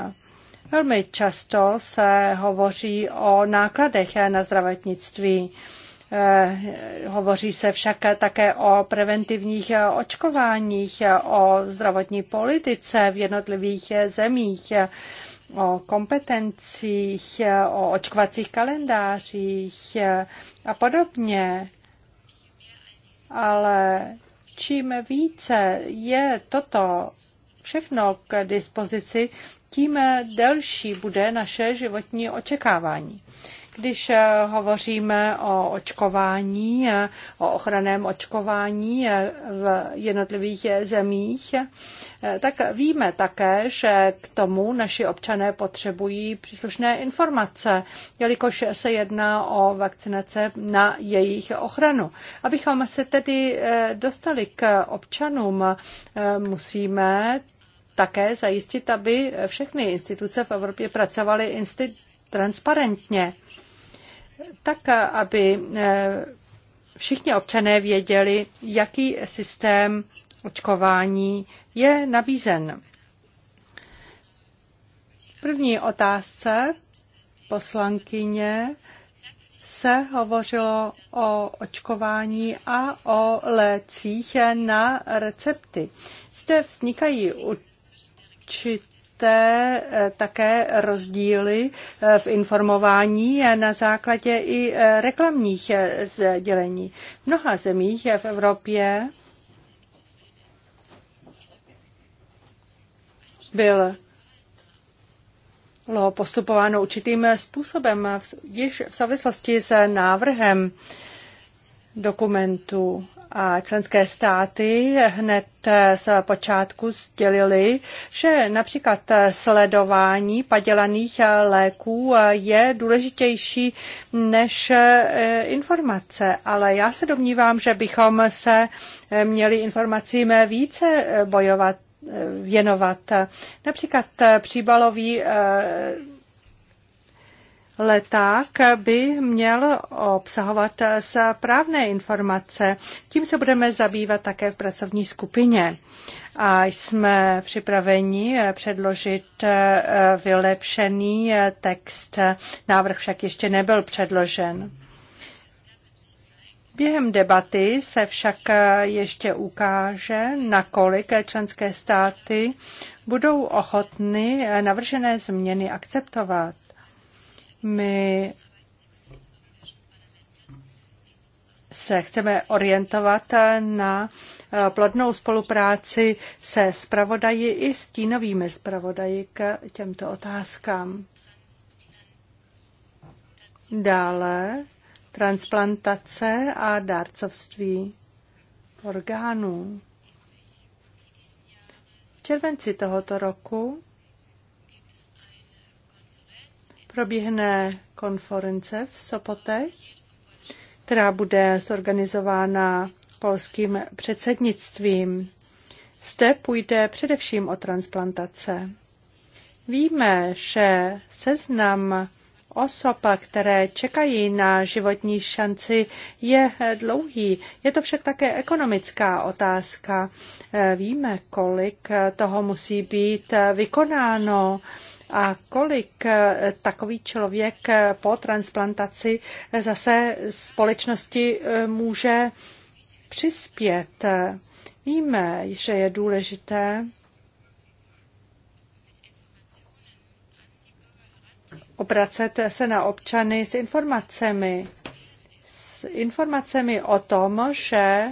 Velmi často se hovoří o nákladech na zdravotnictví. Eh, hovoří se však také o preventivních očkováních, o zdravotní politice v jednotlivých zemích, o kompetencích, o očkovacích kalendářích a podobně. Ale čím více je toto všechno k dispozici, tím delší bude naše životní očekávání. Když eh, hovoříme o očkování, eh, o ochraném očkování eh, v jednotlivých zemích, tak víme také, že k tomu naši občané potřebují příslušné informace, jelikož se jedná o vakcinace na jejich ochranu. Abychom se tedy dostali k občanům, musíme také zajistit, aby všechny instituce v Evropě pracovaly insti- transparentně, tak aby eh, všichni občané věděli, jaký systém očkování je nabízen. První otázce poslankyně se hovořilo o očkování a o lécích na recepty. Zde vznikají určitě eh, také rozdíly eh, v informování na základě i eh, reklamních sdělení. V mnoha zemích v Evropě byl bylo postupováno určitým způsobem, již v souvislosti s návrhem dokumentu a členské státy hned z počátku sdělili, že například sledování padělaných léků je důležitější než e, informace. Ale já se domnívám, že bychom se měli informacím více bojovat, e, věnovat. Například e, příbalový leták by měl obsahovat správné informace. Tím se budeme zabývat také v pracovní skupině a jsme připraveni předložit eh, vylepšený eh, text. Návrh však ještě nebyl předložen. Během debaty se však eh, ještě ukáže, nakolik členské státy budou ochotny navržené změny akceptovat. My se chceme orientovat na eh, plodnou spolupráci se zpravodaji i stínovými zpravodaji k těmto otázkám. Dále transplantace a dárcovství orgánů. V červenci tohoto roku proběhne konference v Sopotech, která bude zorganizována polským předsednictvím. Zde půjde především o transplantace. Víme, že seznam osob, které čekají na životní šanci, je dlouhý. Je to však také ekonomická otázka. Víme, kolik toho musí být vykonáno a kolik eh, takový člověk eh, po transplantaci eh, zase společnosti může přispět. Víme, že je důležité obracet se na občany s informacemi. S informacemi o tom, že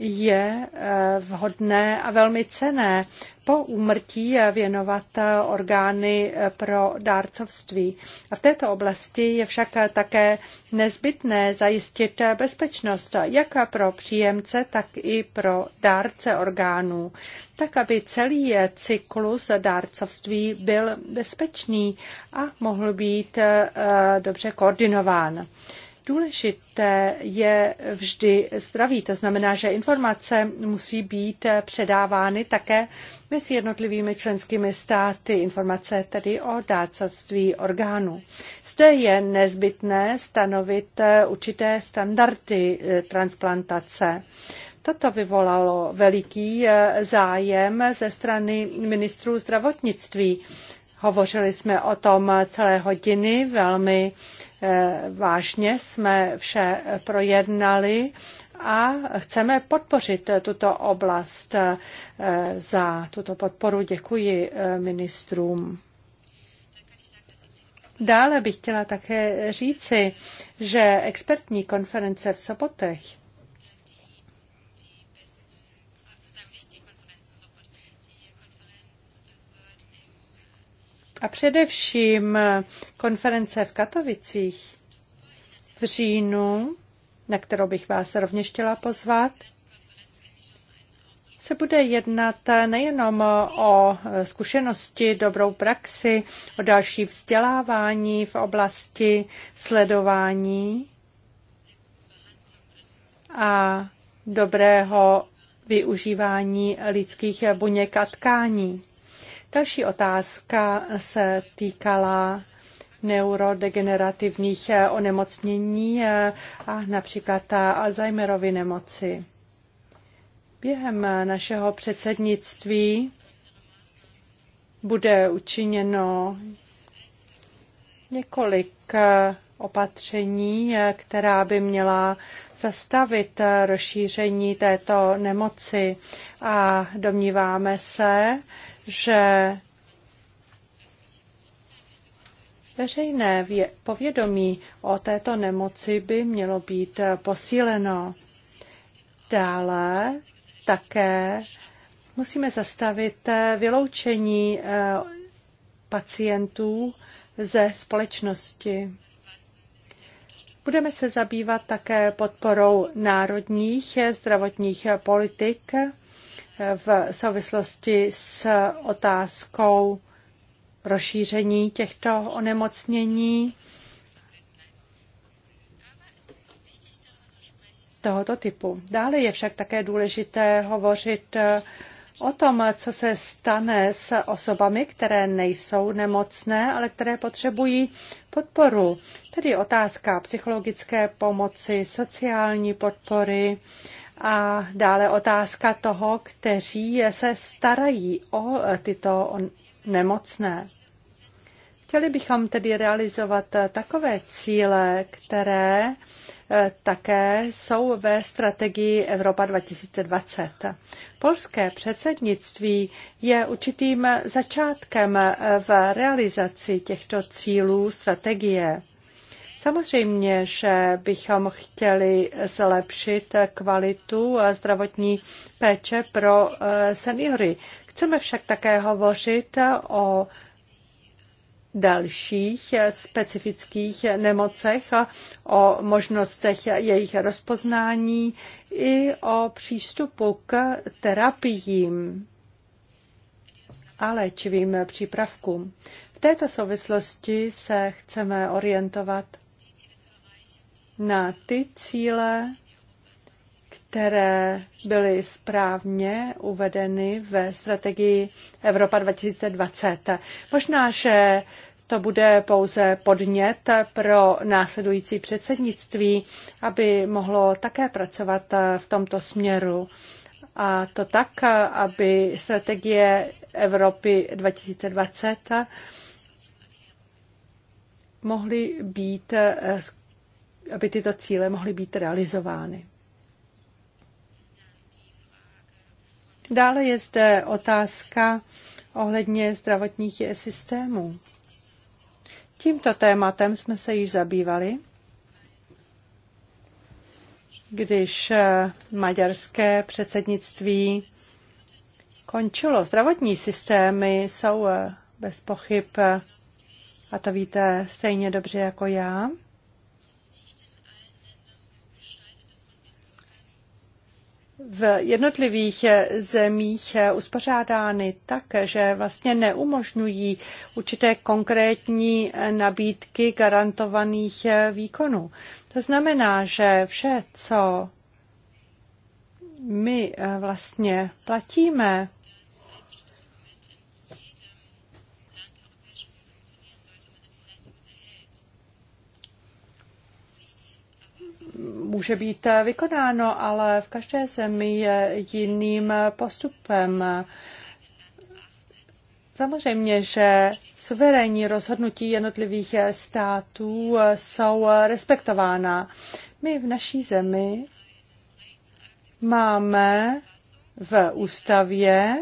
je eh, vhodné a velmi cené po úmrtí eh, věnovat eh, orgány pro dárcovství. A v této oblasti je však také nezbytné zajistit bezpečnost jak pro příjemce, tak i pro dárce orgánů, tak aby celý cyklus dárcovství byl bezpečný a mohl být dobře koordinován. Důležité je vždy zdraví, to znamená, že informace musí být předávány také mezi jednotlivými členskými státy, informace tedy o dárcovství orgánů. Zde je nezbytné stanovit určité standardy eh, transplantace. Toto vyvolalo veliký eh, zájem ze strany ministrů zdravotnictví Hovořili jsme o tom celé hodiny, velmi eh, vážně jsme vše projednali a chceme podpořit tuto oblast. Eh, za tuto podporu děkuji eh, ministrům. Dále bych chtěla také říci, že expertní konference v Sobotech a především eh, konference v Katovicích v říjnu, na kterou bych vás rovněž chtěla pozvat, se bude jednat eh, nejenom eh, o zkušenosti, dobrou praxi, o další vzdělávání v oblasti sledování a dobrého využívání lidských buněk a tkání. Další otázka se týkala neurodegenerativních eh, onemocnění eh, a například Alzheimerovy nemoci. Během eh, našeho předsednictví bude učiněno několik opatření, která by měla zastavit rozšíření této nemoci. A domníváme se, že veřejné povědomí o této nemoci by mělo být posíleno. Dále také musíme zastavit eh, vyloučení eh, pacientů ze společnosti. Budeme se zabývat také podporou národních eh, zdravotních politik v souvislosti s otázkou rozšíření těchto onemocnění tohoto typu. Dále je však také důležité hovořit eh, o tom, co se stane s osobami, které nejsou nemocné, ale které potřebují podporu. Tedy otázka psychologické pomoci, sociální podpory a dále otázka toho, kteří se starají o tyto nemocné. Chtěli bychom tedy realizovat takové cíle, které eh, také jsou ve strategii Evropa 2020. Polské předsednictví je určitým začátkem v realizaci těchto cílů strategie. Samozřejmě, že bychom chtěli zlepšit kvalitu zdravotní péče pro eh, seniory. Chceme však také hovořit o dalších specifických nemocech, o možnostech jejich rozpoznání i o přístupu k terapiím a léčivým přípravkům. V této souvislosti se chceme orientovat na ty cíle, které byly správně uvedeny ve strategii Evropa 2020. Možná, že to bude pouze podnět pro následující předsednictví, aby mohlo také pracovat v tomto směru. A to tak, aby strategie Evropy 2020 mohly být aby tyto cíle mohly být realizovány. Dále je zde otázka ohledně zdravotních systémů. Tímto tématem jsme se již zabývali, když eh, maďarské předsednictví končilo. Zdravotní systémy jsou eh, bez pochyb, eh, a to víte stejně dobře jako já, v jednotlivých eh, zemích eh, uspořádány tak, že vlastně neumožňují určité konkrétní eh, nabídky garantovaných výkonů. To znamená, že vše, co my vlastně platíme, může být eh, vykonáno, ale v každé zemi je jiným eh, postupem. Samozřejmě, že suverénní rozhodnutí jednotlivých eh, států jsou respektována. My v naší zemi máme v ústavě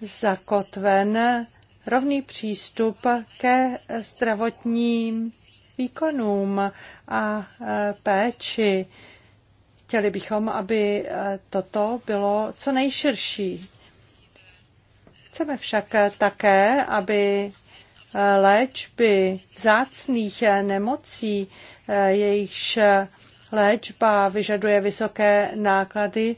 zakotven rovný přístup ke zdravotním výkonům a e, péči. Chtěli bychom, aby e, toto bylo co nejširší. Chceme však také, aby e, léčby vzácných nemocí, jejichž léčba vyžaduje vysoké náklady,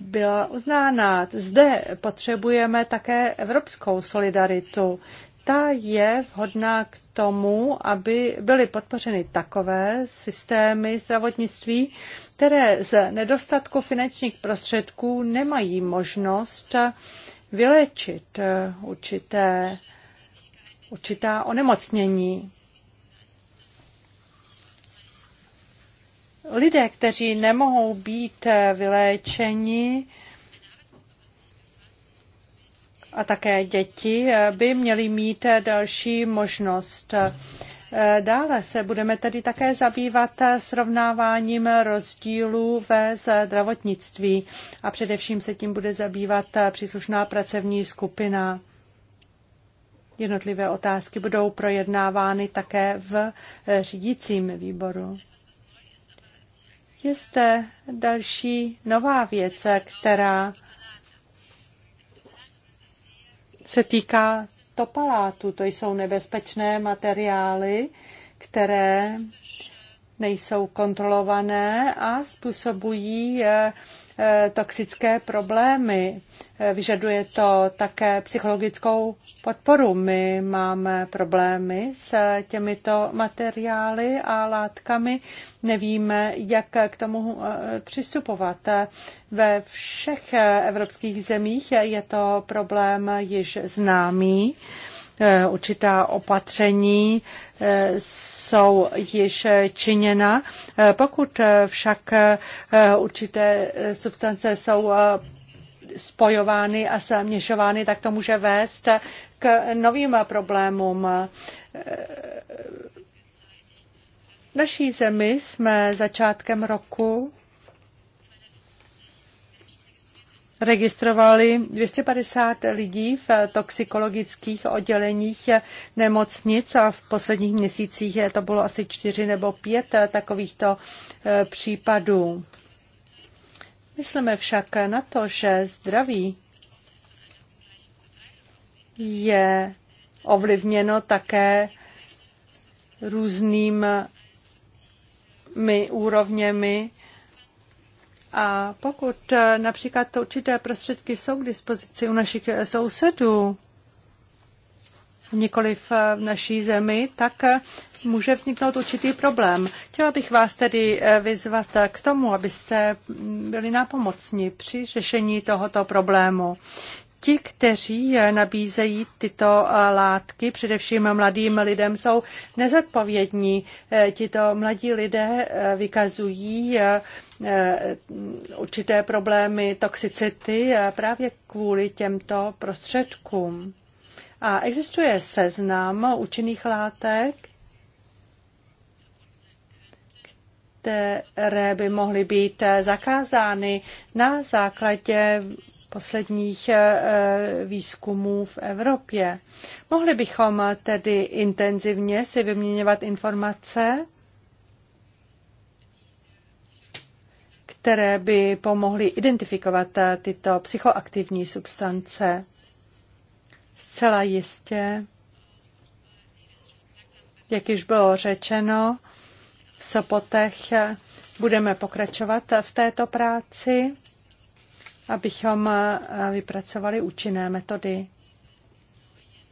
byla uznána. Zde potřebujeme také evropskou solidaritu ta je vhodná k tomu, aby byly podpořeny takové systémy zdravotnictví, které z nedostatku finančních prostředků nemají možnost vylečit eh, určité, určitá onemocnění. Lidé, kteří nemohou být eh, vyléčeni, a také děti eh, by měly mít eh, další možnost. Eh, dále se budeme tedy také zabývat srovnáváním rozdílů ve zdravotnictví a především se tím bude zabývat příslušná pracovní skupina. Jednotlivé otázky budou projednávány také v řídícím výboru. Je zde další nová věc, která se týká topalátu. To jsou nebezpečné materiály, které nejsou kontrolované a způsobují eh, Eh, toxické problémy. Eh, vyžaduje to také psychologickou podporu. My máme problémy s těmito materiály a látkami. Nevíme, jak k tomu eh, přistupovat. Ve všech evropských zemích je to problém již známý. Eh, určitá opatření eh, jsou již činěna. Eh, pokud však určité substance jsou spojovány a směšovány, tak to může vést k novým problémům. V naší zemi jsme začátkem roku registrovali 250 lidí v toxikologických odděleních nemocnic a v posledních měsících to bylo asi čtyři nebo pět takovýchto eh, případů. Myslíme však na to, že zdraví je ovlivněno také různými úrovněmi a pokud eh, například určité prostředky jsou k dispozici u našich eh, sousedů, nikoli eh, v naší zemi, tak může vzniknout určitý problém. Chtěla bych vás tedy vyzvat k tomu, abyste mm, byli nápomocni při řešení tohoto problému. Ti, kteří eh, nabízejí tyto eh, látky, především mladým lidem, jsou nezodpovědní. Eh, tito mladí lidé vykazují určité problémy toxicity právě kvůli těmto prostředkům. A existuje seznam účinných látek, které by mohly být zakázány na základě posledních eh, eh, výzkumů v Evropě. Mohli bychom tedy intenzivně si vyměňovat informace, které by pomohly identifikovat eh, tyto psychoaktivní substance. Zcela jistě, jak již bylo řečeno, v Sopotech budeme pokračovat v této práci abychom eh, vypracovali účinné metody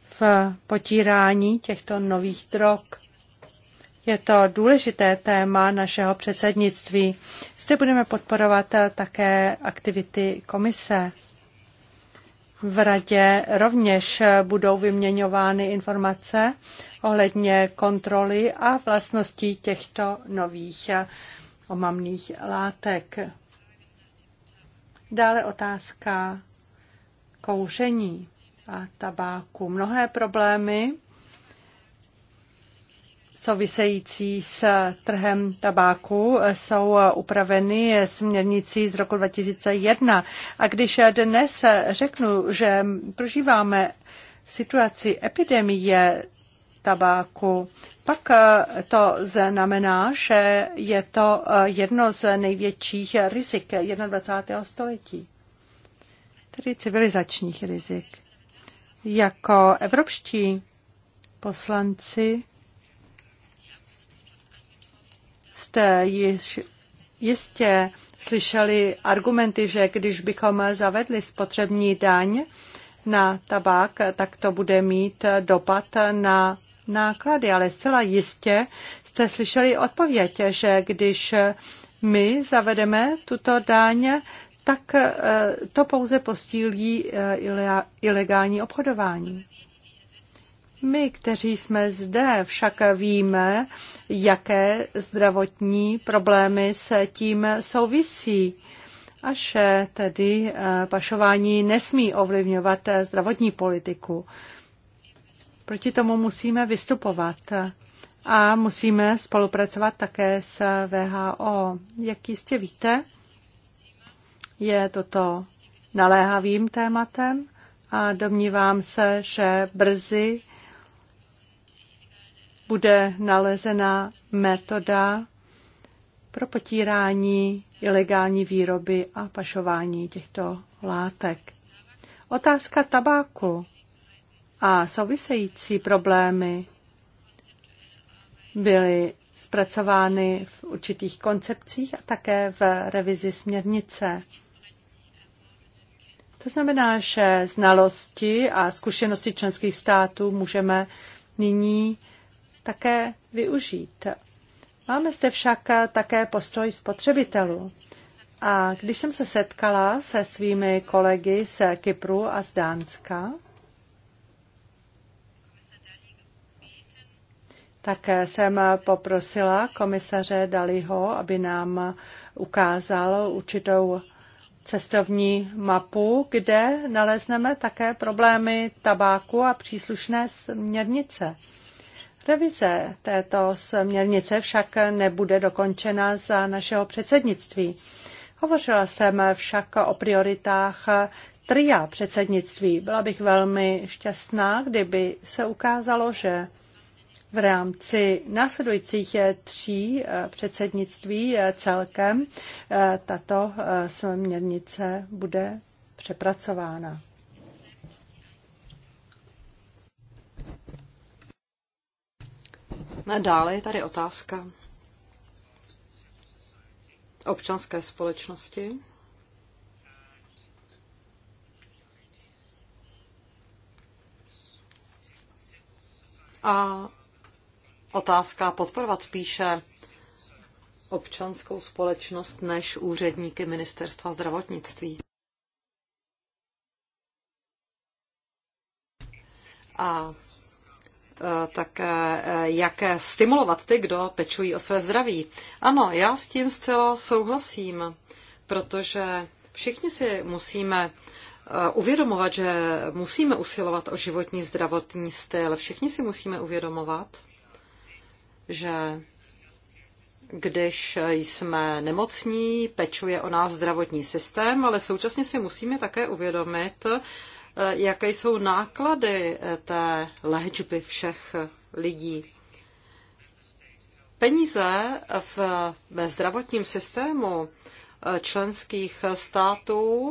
v potírání těchto nových drog. Je to důležité téma našeho předsednictví. Zde budeme podporovat eh, také aktivity komise. V radě rovněž eh, budou vyměňovány informace ohledně kontroly a vlastností těchto nových omamných látek. Dále otázka kouření a tabáku. Mnohé problémy související s trhem tabáku jsou upraveny směrnicí z roku 2001. A když já dnes řeknu, že prožíváme situaci epidemie tabáku, pak eh, to znamená, že je to eh, jedno z největších rizik 21. století, tedy civilizačních rizik. Jako evropští poslanci jste již jistě slyšeli argumenty, že když bychom zavedli spotřební daň na tabák, tak to bude mít dopad na náklady, ale zcela jistě jste slyšeli odpověď, že když my zavedeme tuto daň, tak eh, to pouze postílí eh, ilegální obchodování. My, kteří jsme zde, však víme, jaké zdravotní problémy se tím souvisí a že tedy eh, pašování nesmí ovlivňovat zdravotní politiku. Proti tomu musíme vystupovat a musíme spolupracovat také s VHO. Jak jistě víte, je toto naléhavým tématem a domnívám se, že brzy bude nalezena metoda pro potírání ilegální výroby a pašování těchto látek. Otázka tabáku a související problémy byly zpracovány v určitých koncepcích a také v revizi směrnice. To znamená, že znalosti a zkušenosti členských států můžeme nyní také využít. Máme zde však také postoj spotřebitelů. A když jsem se setkala se svými kolegy z Kypru a z Dánska, Také jsem poprosila komisaře Daliho, aby nám ukázal určitou cestovní mapu, kde nalezneme také problémy tabáku a příslušné směrnice. Revize této směrnice však nebude dokončena za našeho předsednictví. Hovořila jsem však o prioritách tria předsednictví. Byla bych velmi šťastná, kdyby se ukázalo, že v rámci následujících eh, tří eh, předsednictví eh, celkem tato směrnice bude přepracována. Dále je tady otázka občanské společnosti. A otázka podporovat spíše občanskou společnost než úředníky ministerstva zdravotnictví. A e, tak e, jak stimulovat ty, kdo pečují o své zdraví. Ano, já s tím zcela souhlasím, protože všichni si musíme e, uvědomovat, že musíme usilovat o životní zdravotní styl. Všichni si musíme uvědomovat, že když jsme nemocní, pečuje o nás zdravotní systém, ale současně si musíme také uvědomit, jaké jsou náklady té léčby všech lidí. Peníze v, ve zdravotním systému členských států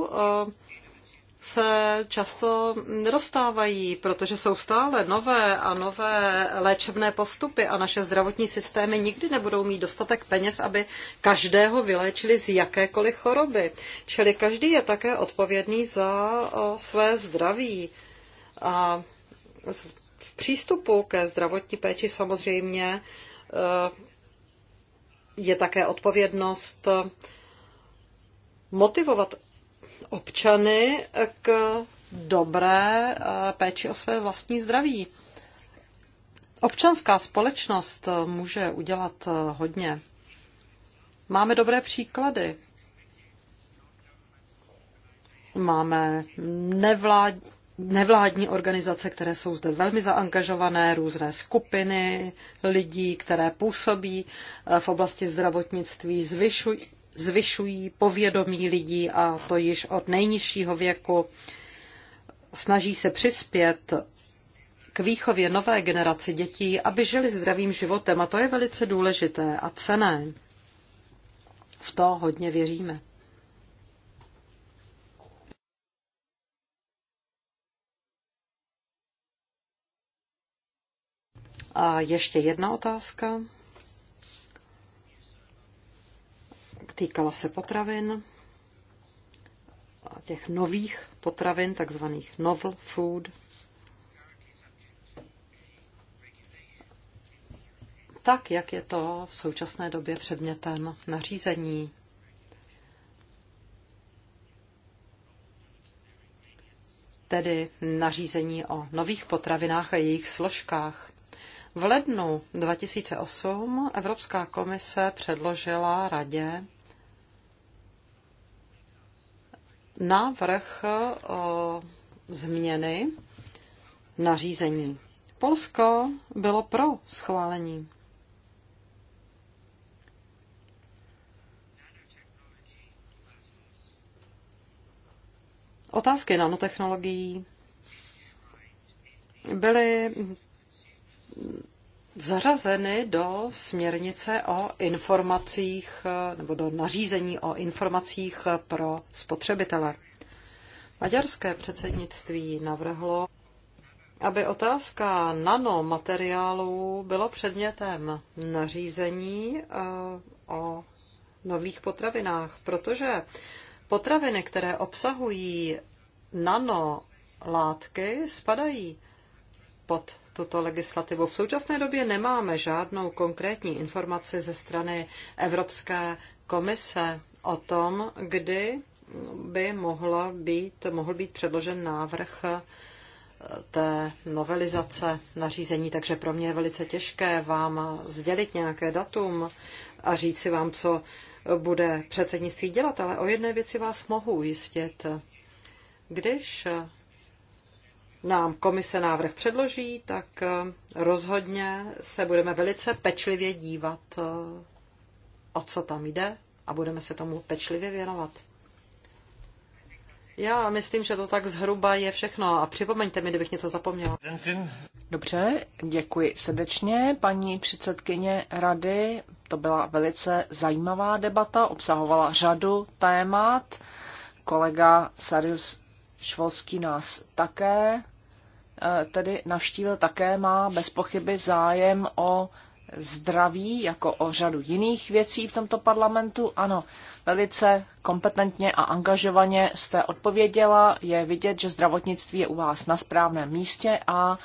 se často nedostávají, protože jsou stále nové a nové léčebné postupy a naše zdravotní systémy nikdy nebudou mít dostatek peněz, aby každého vyléčili z jakékoliv choroby. Čili každý je také odpovědný za své zdraví. A v přístupu ke zdravotní péči samozřejmě e, je také odpovědnost e, motivovat občany k dobré eh, péči o své vlastní zdraví. Občanská společnost eh, může udělat eh, hodně. Máme dobré příklady. Máme nevlád, nevládní organizace, které jsou zde velmi zaangažované, různé skupiny lidí, které působí v oblasti zdravotnictví, zvyšují zvyšují povědomí lidí a to již od nejnižšího věku. Snaží se přispět k výchově nové generaci dětí, aby žili zdravým životem a to je velice důležité a cené. V to hodně věříme. A ještě jedna otázka. týkala se potravin, těch nových potravin, takzvaných novel food. Tak, jak je to v současné době předmětem nařízení. Tedy nařízení o nových potravinách a jejich složkách. V lednu 2008 Evropská komise předložila radě návrh eh, změny nařízení. Polsko bylo pro schválení. Otázky nanotechnologií byly zařazeny do směrnice o informacích eh, nebo do nařízení o informacích eh, pro spotřebitele. Maďarské předsednictví navrhlo, aby otázka nanomateriálů byla předmětem nařízení eh, o nových potravinách, protože potraviny, které obsahují nanolátky, spadají pod tuto legislativu. V současné době nemáme žádnou konkrétní informaci ze strany Evropské komise o tom, kdy by mohla být, mohl být předložen návrh eh, té novelizace nařízení, takže pro mě je velice těžké vám sdělit nějaké datum a říci vám, co bude předsednictví dělat, ale o jedné věci vás mohu ujistit. Když nám komise návrh předloží, tak eh, rozhodně se budeme velice pečlivě dívat, eh, o co tam jde a budeme se tomu pečlivě věnovat. Já myslím, že to tak zhruba je všechno a připomeňte mi, kdybych něco zapomněla. Dobře, děkuji srdečně, paní předsedkyně rady. To byla velice zajímavá debata, obsahovala řadu témat. Kolega Sarius Švolský nás také Eh, tedy navštívil, také má bez pochyby zájem o zdraví, jako o řadu jiných věcí v tomto parlamentu. Ano, velice kompetentně a angažovaně jste odpověděla. Je vidět, že zdravotnictví je u vás na správném místě a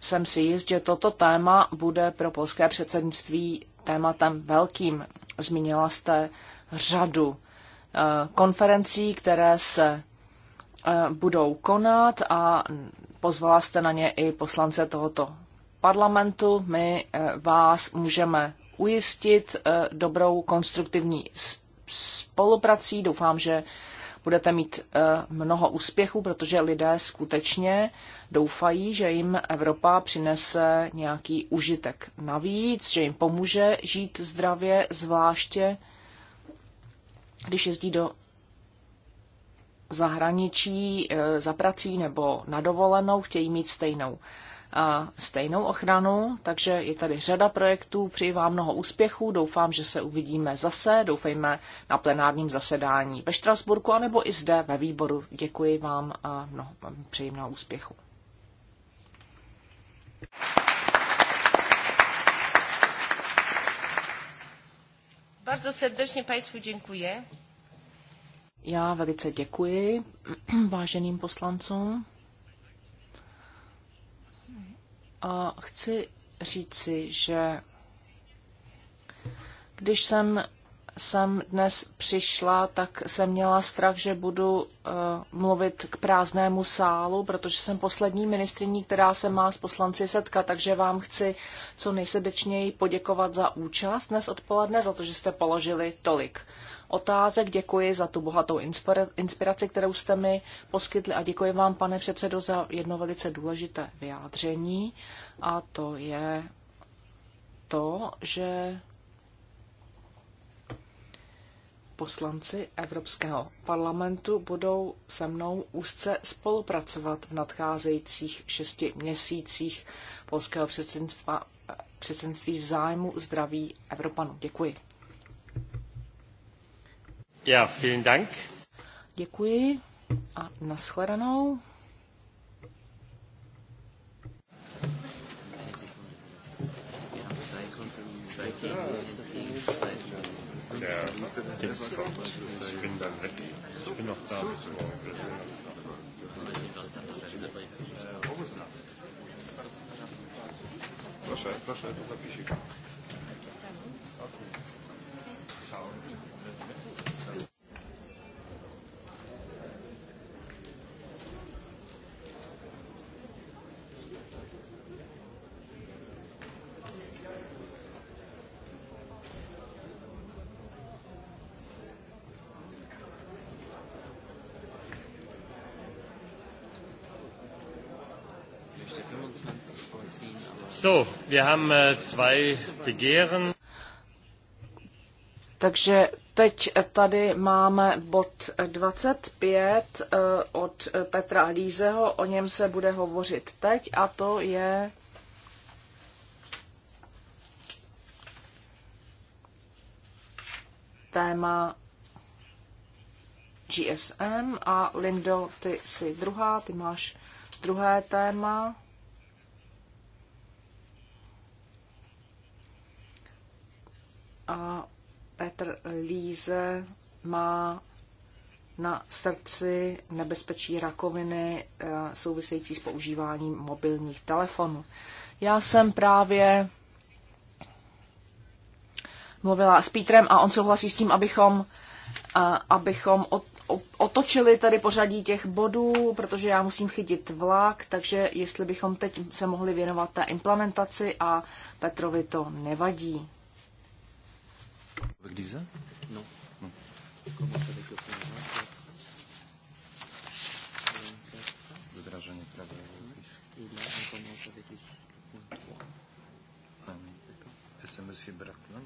jsem si jist, že toto téma bude pro polské předsednictví tématem velkým. Zmínila jste řadu eh, konferencí, které se eh, budou konat a Pozvala jste na ně i poslance tohoto parlamentu. My eh, vás můžeme ujistit eh, dobrou konstruktivní spoluprací. Doufám, že budete mít eh, mnoho úspěchů, protože lidé skutečně doufají, že jim Evropa přinese nějaký užitek navíc, že jim pomůže žít zdravě, zvláště když jezdí do zahraničí e, za prací nebo na dovolenou chtějí mít stejnou stejnou ochranu, takže je tady řada projektů, přeji vám mnoho úspěchů, doufám, že se uvidíme zase, doufejme na plenárním zasedání ve Štrasburku, anebo i zde ve výboru. Děkuji vám a mnoho, přeji mnoho úspěchu. Bardzo serdecznie Państwu dziękuję. Já velice děkuji váženým poslancům a chci říci, že když jsem jsem dnes přišla, tak jsem měla strach, že budu uh, mluvit k prázdnému sálu, protože jsem poslední ministriní, která se má s poslanci setkat, takže vám chci co nejsrdečněji poděkovat za účast dnes odpoledne, za to, že jste položili tolik otázek. Děkuji za tu bohatou inspiraci, kterou jste mi poskytli a děkuji vám, pane předsedo, za jedno velice důležité vyjádření a to je to, že poslanci Evropského parlamentu budou se mnou úzce spolupracovat v nadcházejících šesti měsících polského předsednictví v zájmu zdraví Evropanů. Děkuji. Ja, vielen Dank. Děkuji a nashledanou. Eine Sekunde der Tipps kommt. Ich bin dann weg. Ich bin noch da bis morgen. Proszę, proszę, to zapisik. So, wir haben äh, zwei Begehren. Takže teď tady máme bod 25 eh, od Petra Lízeho, o něm se bude hovořit teď a to je téma GSM a Lindo, ty jsi druhá, ty máš druhé téma. a Petr Líze má na srdci nebezpečí rakoviny eh, související s používáním mobilních telefonů. Já jsem právě mluvila s Pítrem a on souhlasí s tím, abychom, eh, abychom od, otočili tady pořadí těch bodů, protože já musím chytit vlak, takže jestli bychom teď se mohli věnovat té implementaci a Petrovi to nevadí. Lisa? No. no. Wyrażenie prawa SMS-ie brak nam,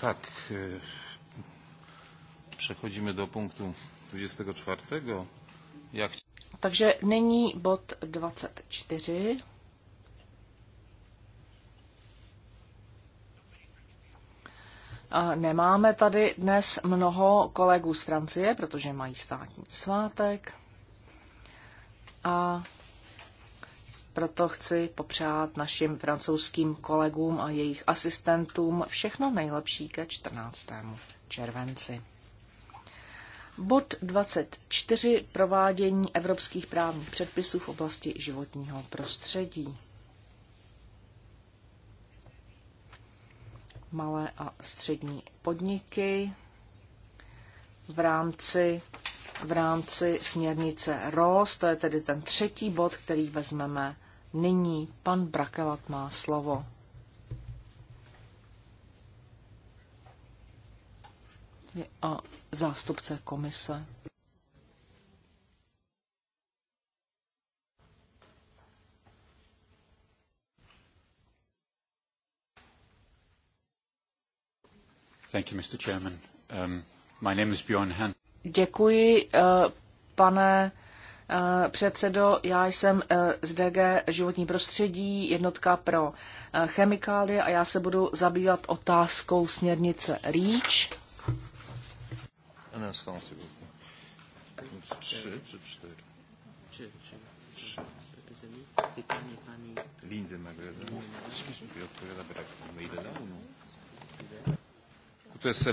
Tak, e, przechodzimy do punktu 24. Jak... Takže nyní bod 24. Nemáme tady dnes mnoho kolegů z Francie, protože mají státní svátek. A proto chci popřát našim francouzským kolegům a jejich asistentům všechno nejlepší ke 14. červenci. Bod 24. Provádění evropských právních předpisů v oblasti životního prostředí. Malé a střední podniky v rámci, v rámci směrnice ROS, to je tedy ten třetí bod, který vezmeme nyní. Pan Brakelat má slovo. A zástupce komise. Thank you, Mr. Chairman. Um, my name is Bjorn Han. Děkuji, uh, pane uh, předsedo, já jsem uh, z DG životní prostředí, jednotka pro uh, chemikálie a já se budu zabývat otázkou směrnice REACH. Un instant, s'il vous plaît. Trzy czy cztery? Trzy, trzy. Trzy. Pytanie pani... Lindy Magreda. Excuse-moi. odpowiada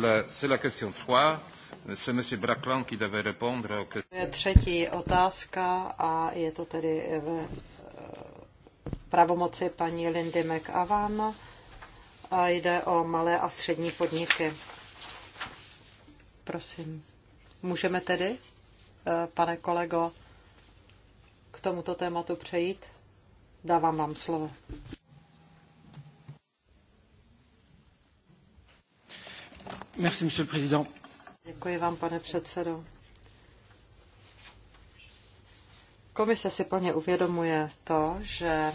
brak c'est la question 3. C'est M. qui devait répondre Třetí otázka a je to tedy v pravomoci paní Lindy McAvan a jde o malé a střední podniky. Prosím. Můžeme tedy, eh, pane kolego, k tomuto tématu přejít? Dávám vám slovo. Merci, monsieur le président. Děkuji vám, pane předsedo. Komise si plně uvědomuje to, že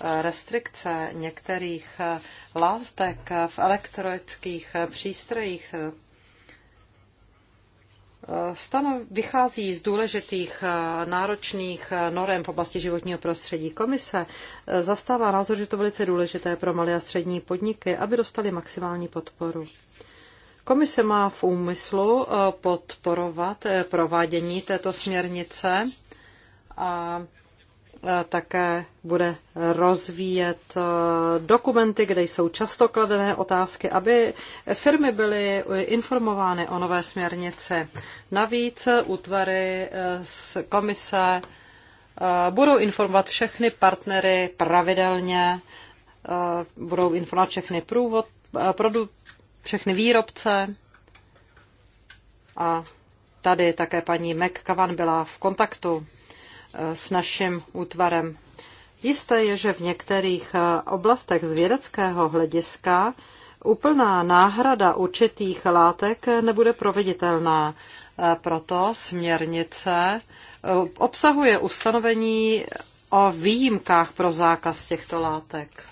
eh, restrikce některých eh, látek v elektrických přístrojích vychází z důležitých eh, náročných eh, norem v oblasti životního prostředí. Komise eh, zastává názor, že to velice důležité pro malé a střední podniky, aby dostali maximální podporu. Komise má v úmyslu podporovat provádění této směrnice a také bude rozvíjet e, dokumenty, kde jsou často kladené otázky, aby firmy byly informovány o nové směrnici. Navíc útvary e, z komise e, budou informovat všechny partnery pravidelně, budou informovat všechny průvod, produ, všechny výrobce a tady také paní McCavan byla v kontaktu Eh, s naším útvarem. Jisté je, že v některých eh, oblastech z vědeckého hlediska úplná náhrada určitých látek nebude proveditelná. Eh, proto směrnice obsahuje ustanovení o výjimkách pro zákaz těchto látek.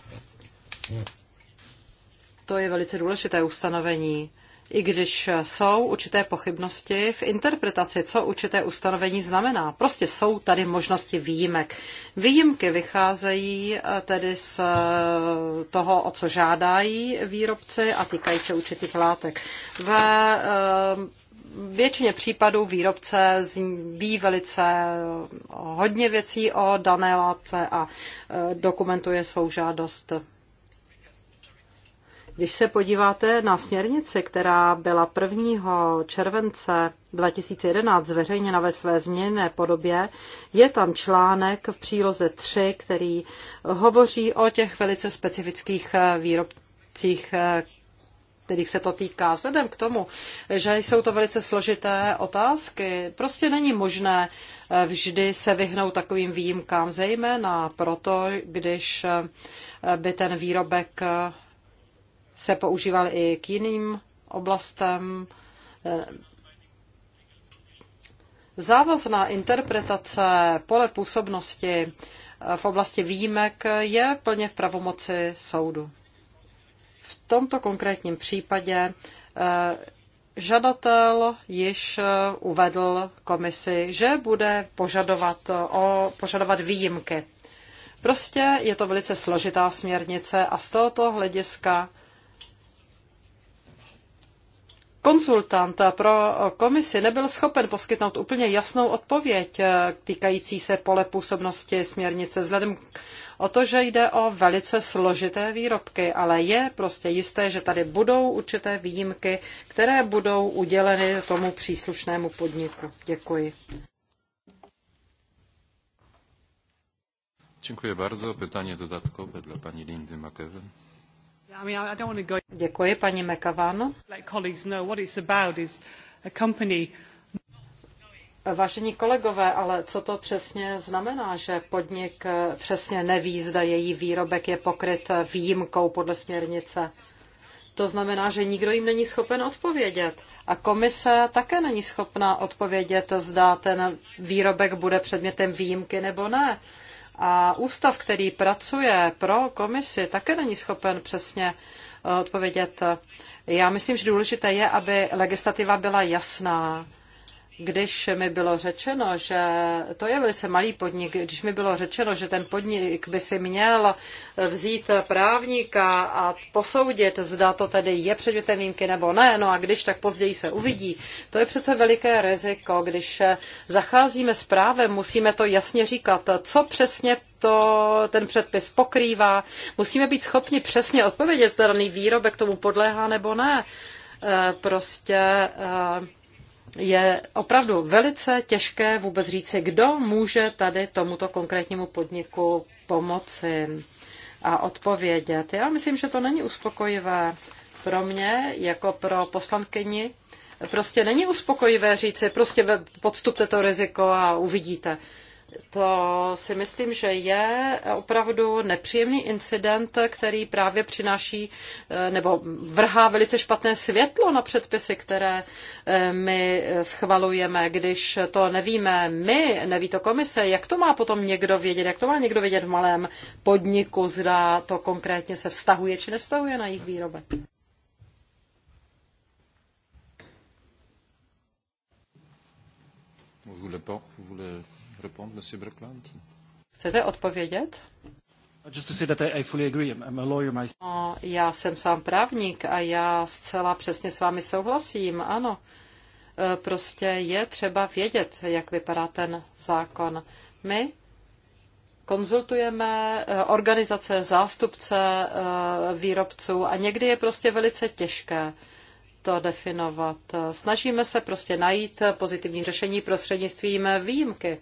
To je velice důležité ustanovení i když jsou určité pochybnosti v interpretaci, co určité ustanovení znamená. Prostě jsou tady možnosti výjimek. Výjimky vycházejí eh, tedy z eh, toho, o co žádají výrobci a týkají se určitých látek. Ve eh, většině případů výrobce ví velice hodně věcí o dané látce a dokumentuje svou žádost. Když se podíváte na směrnici, která byla 1. července 2011 zveřejněna ve své změněné podobě, je tam článek v příloze 3, který hovoří o těch velice specifických eh, výrobcích, eh, kterých se to týká. Vzhledem k tomu, že jsou to velice složité otázky, prostě není možné eh, vždy se vyhnout takovým výjimkám, zejména proto, když by ten výrobek se používal i k jiným oblastem. Eh, závazná interpretace pole působnosti eh, v oblasti výjimek je plně v pravomoci soudu. V tomto konkrétním případě eh, žadatel již uvedl komisi, že bude požadovat, o, požadovat výjimky. Prostě je to velice složitá směrnice a z tohoto hlediska konzultant pro komisi nebyl schopen poskytnout úplně jasnou odpověď eh, týkající se pole působnosti směrnice vzhledem o to, že jde o velice složité výrobky, ale je prostě jisté, že tady budou určité výjimky, které budou uděleny tomu příslušnému podniku. Děkuji. Dziękuję bardzo. Pytanie dodatkowe dla pani Lindy McEwen. Děkuji, paní McAvan. Vážení kolegové, ale co to přesně znamená, že podnik eh, přesně neví, zda její výrobek je pokryt eh, výjimkou podle směrnice? To znamená, že nikdo jim není schopen odpovědět. A komise také není schopná odpovědět, zda ten výrobek bude předmětem výjimky nebo ne. A ústav, který pracuje pro komisi, také není schopen přesně eh, odpovědět. Já myslím, že důležité je, aby legislativa byla jasná když mi bylo řečeno, že to je velice malý podnik, když mi bylo řečeno, že ten podnik by si měl vzít právníka a posoudit, zda to tedy je předmětem výjimky nebo ne, no a když, tak později se uvidí. To je přece veliké riziko. Když zacházíme s právem, musíme to jasně říkat, co přesně to ten předpis pokrývá. Musíme být schopni přesně odpovědět, zda daný výrobek tomu podléhá nebo ne. Eh, prostě eh, je opravdu velice těžké vůbec říci, kdo může tady tomuto konkrétnímu podniku pomoci a odpovědět. Já myslím, že to není uspokojivé pro mě, jako pro poslankyni. Prostě není uspokojivé říci, prostě podstupte to riziko a uvidíte to si myslím, že je opravdu nepříjemný incident, který právě přináší eh, nebo vrhá velice špatné světlo na předpisy, které eh, my schvalujeme, když to nevíme my, neví to komise, jak to má potom někdo vědět, jak to má někdo vědět v malém podniku, zda to konkrétně se vztahuje či nevztahuje na jejich výrobek. Vous voulez pas, vous voulez répondre, Monsieur Brockland? Chcete odpovědět? Uh, já jsem sám právník a já zcela přesně s vámi souhlasím, ano. Eh, prostě je třeba vědět, jak vypadá ten zákon. My konzultujeme eh, organizace, zástupce eh, výrobců a někdy je prostě velice těžké to definovat. Snažíme se prostě najít pozitivní řešení prostřednictvím výjimky.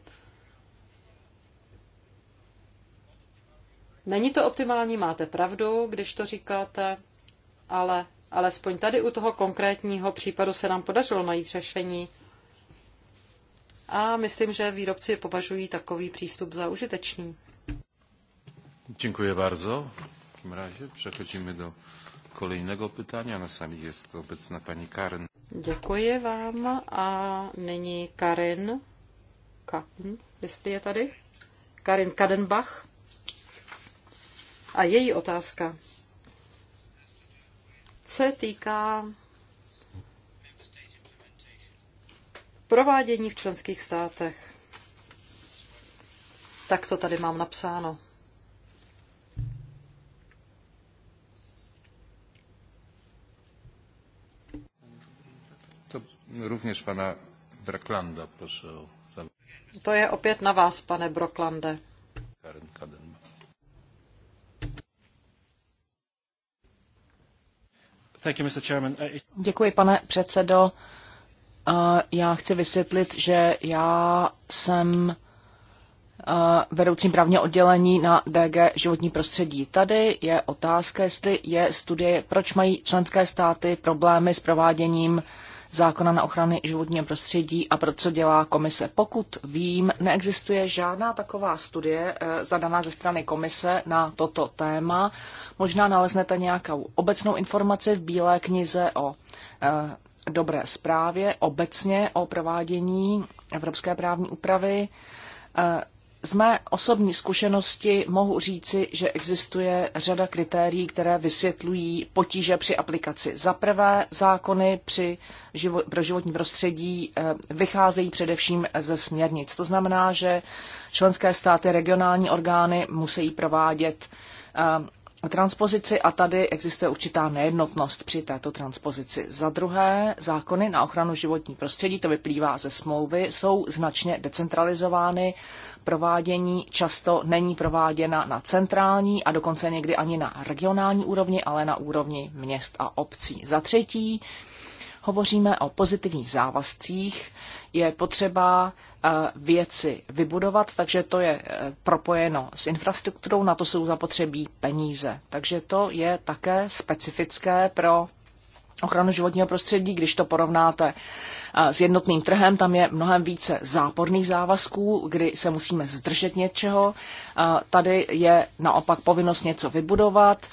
Není to optimální, máte pravdu, když to říkáte, ale alespoň tady u toho konkrétního případu se nám podařilo najít řešení. A myslím, že výrobci považují takový přístup za užitečný. Děkuji bardzo. V tom razie přechodíme do kolejného pytania. Na sali jest obecná paní Karen. Děkuji vám a nyní Karin, Karin jestli je tady, Karin Kadenbach. A její otázka se týká provádění v členských státech. Tak to tady mám napsáno. To rovněž pana Broklanda, prosím. To je opět na vás, pane Broklande. Karen Uh, Děkuji, pane předsedo. Uh, já chci vysvětlit, že já jsem uh, vedoucím právního oddělení na DG životní prostředí. Tady je otázka, jestli je studie, proč mají členské státy problémy s prováděním zákona na ochrany životního prostředí a pro co dělá komise. Pokud vím, neexistuje žádná taková studie eh, zadaná ze strany komise na toto téma. Možná naleznete nějakou obecnou informaci v Bílé knize o eh, dobré zprávě, obecně o provádění evropské právní úpravy. Eh, z mé osobní zkušenosti mohu říci, že existuje řada kritérií, které vysvětlují potíže při aplikaci. Za prvé, zákony při živo- pro životní prostředí eh, vycházejí především ze směrnic. To znamená, že členské státy, regionální orgány musí provádět eh, transpozici a tady existuje určitá nejednotnost při této transpozici. Za druhé, zákony na ochranu životní prostředí, to vyplývá ze smlouvy, jsou značně decentralizovány, provádění často není prováděna na centrální a dokonce někdy ani na regionální úrovni, ale na úrovni měst a obcí. Za třetí, hovoříme o pozitivních závazcích, je potřeba eh, věci vybudovat, takže to je eh, propojeno s infrastrukturou, na to jsou zapotřebí peníze. Takže to je také specifické pro ochranu životního prostředí, když to porovnáte eh, s jednotným trhem, tam je mnohem více záporných závazků, kdy se musíme zdržet něčeho. Eh, tady je naopak povinnost něco vybudovat.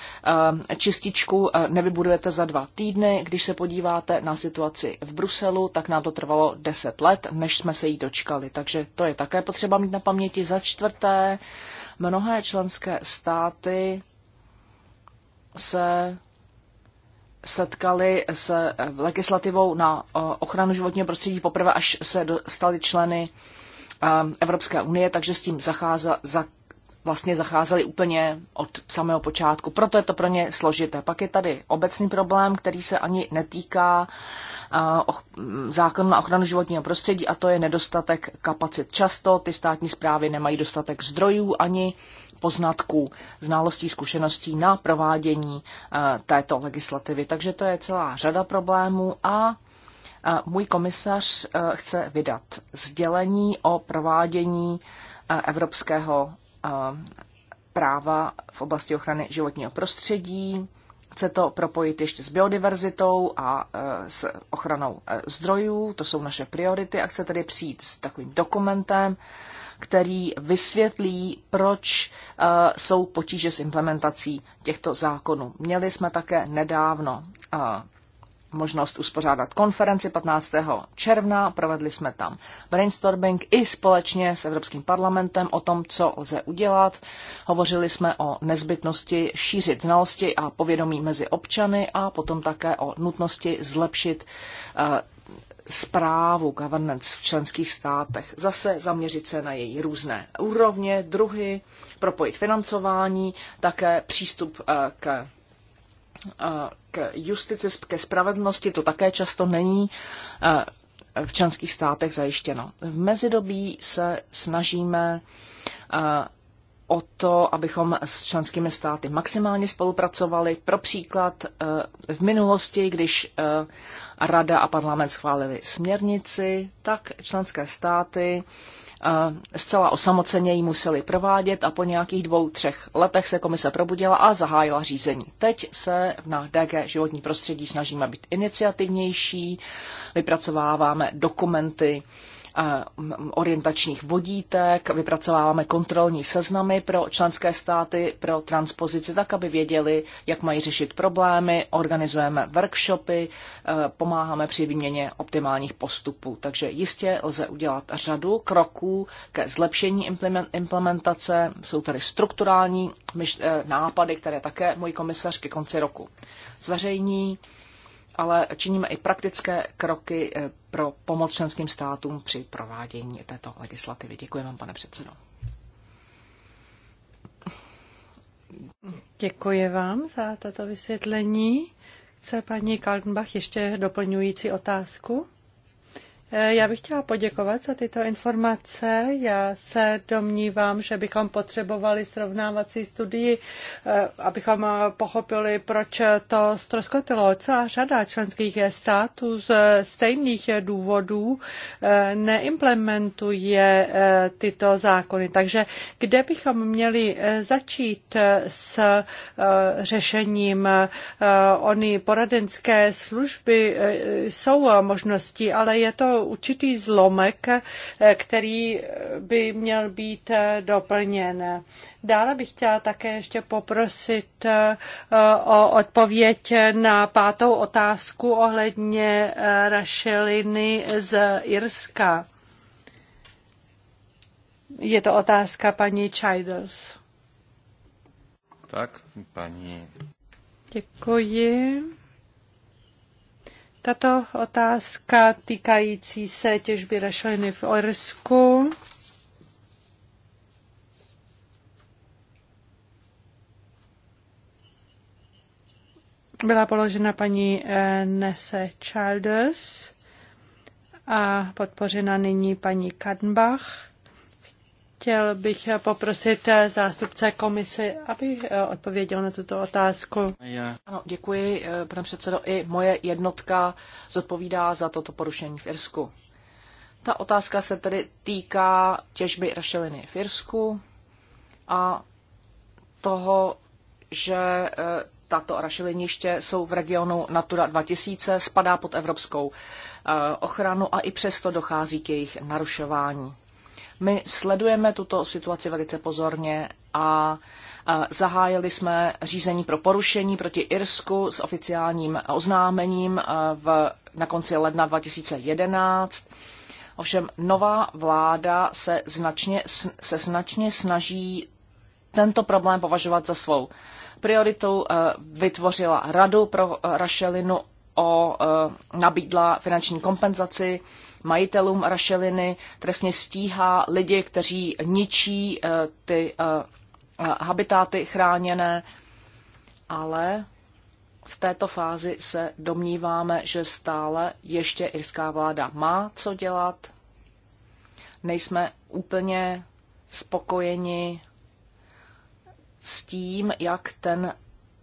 Eh, čističku nevybudujete za dva týdny. Když se podíváte na situaci v Bruselu, tak nám to trvalo deset let, než jsme se jí dočkali. Takže to je také potřeba mít na paměti. Za čtvrté, mnohé členské státy se setkali s eh, legislativou na eh, ochranu životního prostředí poprvé, až se dostali členy eh, Evropské unie, takže s tím zacháza, za, vlastně zacházeli úplně od samého počátku. Proto je to pro ně složité. Pak je tady obecný problém, který se ani netýká zákonu na ochranu životního prostředí a to je nedostatek kapacit. Často ty státní zprávy nemají dostatek zdrojů ani uh, poznatků, znalostí, zkušeností na provádění eh, této legislativy. Takže to je celá řada problémů a eh, můj komisař eh, chce vydat sdělení o provádění evropského práva v oblasti ochrany životního prostředí Chce to propojit ještě s biodiverzitou a e, s ochranou e, zdrojů, to jsou naše priority, a chce tedy přijít s takovým dokumentem, který vysvětlí, proč e, jsou potíže s implementací těchto zákonů. Měli jsme také nedávno možnost uspořádat konferenci 15. června. Provedli jsme tam brainstorming i společně s Evropským parlamentem o tom, co lze udělat. Hovořili jsme o nezbytnosti šířit znalosti a povědomí mezi občany a potom také o nutnosti zlepšit zprávu eh, governance v členských státech. Zase zaměřit se na její různé úrovně, druhy, propojit financování, také přístup eh, k k justici, ke spravedlnosti, to také často není v členských státech zajištěno. V mezidobí se snažíme o to, abychom s členskými státy maximálně spolupracovali. Pro příklad e, v minulosti, když e, Rada a parlament schválili směrnici, tak členské státy zcela osamoceně ji museli provádět a po nějakých dvou, třech letech se komise probudila a zahájila řízení. Teď se na DG životní prostředí snažíme být iniciativnější, vypracováváme dokumenty, Eh, orientačních vodítek, vypracováváme kontrolní seznamy pro členské státy pro transpozici, tak aby věděli, jak mají řešit problémy, organizujeme workshopy, eh, pomáháme při výměně optimálních postupů. Takže jistě lze udělat řadu kroků ke zlepšení implementace. Jsou tady strukturální eh, nápady, které také moji komisař ke konci roku zveřejní ale činíme i praktické kroky eh, pro pomoc členským státům při provádění této legislativy. Děkuji vám, pane předsedo. Děkuji vám za tato vysvětlení. Chce paní Kaltenbach ještě doplňující otázku? Eh, já bych chtěla poděkovat za tyto informace. Já se domnívám, že bychom potřebovali srovnávací studii, eh, abychom eh, pochopili, proč to ztroskotilo. Celá řada členských států z stejných důvodů neimplementuje tyto zákony. Takže kde bychom měli začít s řešením ony poradenské služby jsou možnosti, ale je to určitý zlomek, eh, který by měl být eh, doplněn. Dále bych chtěla také ještě poprosit eh, o odpověď na pátou otázku ohledně rašeliny z Irska. Je to otázka paní Childers. Tak, paní. Děkuji. Tato otázka týkající se těžby rašeliny v Orsku byla položena paní eh, Nese Childers a podpořena nyní paní Kadenbach. Chtěl bych poprosit zástupce komise, aby eh, odpověděl na tuto otázku. Ano, děkuji, eh, pane předsedo. I moje jednotka zodpovídá za toto porušení v Irsku. Ta otázka se tedy týká těžby rašeliny v Irsku a toho, že eh, tato rašeliniště jsou v regionu Natura 2000, spadá pod evropskou ochranu a i přesto dochází k jejich narušování. My sledujeme tuto situaci velice pozorně a zahájili jsme řízení pro porušení proti Irsku s oficiálním oznámením v, na konci ledna 2011. Ovšem nová vláda se značně, se značně snaží tento problém považovat za svou prioritu. Vytvořila radu pro rašelinu o nabídla finanční kompenzaci majitelům rašeliny, trestně stíhá lidi, kteří ničí eh, ty eh, eh, habitáty chráněné, ale v této fázi se domníváme, že stále ještě irská vláda má co dělat. Nejsme úplně spokojeni s tím, jak ten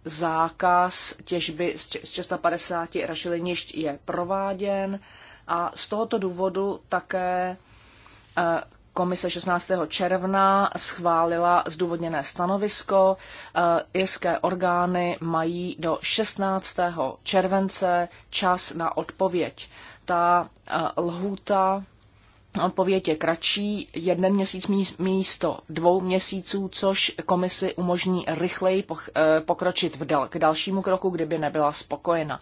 zákaz těžby z 650 rašelinišť je prováděn. A z tohoto důvodu také eh, Komise 16. června schválila zdůvodněné stanovisko. Eh, irské orgány mají do 16. července čas na odpověď. Ta eh, lhůta odpověď je kratší, jeden měsíc místo dvou měsíců, což komisi umožní rychleji pokročit v k dalšímu kroku, kdyby nebyla spokojena.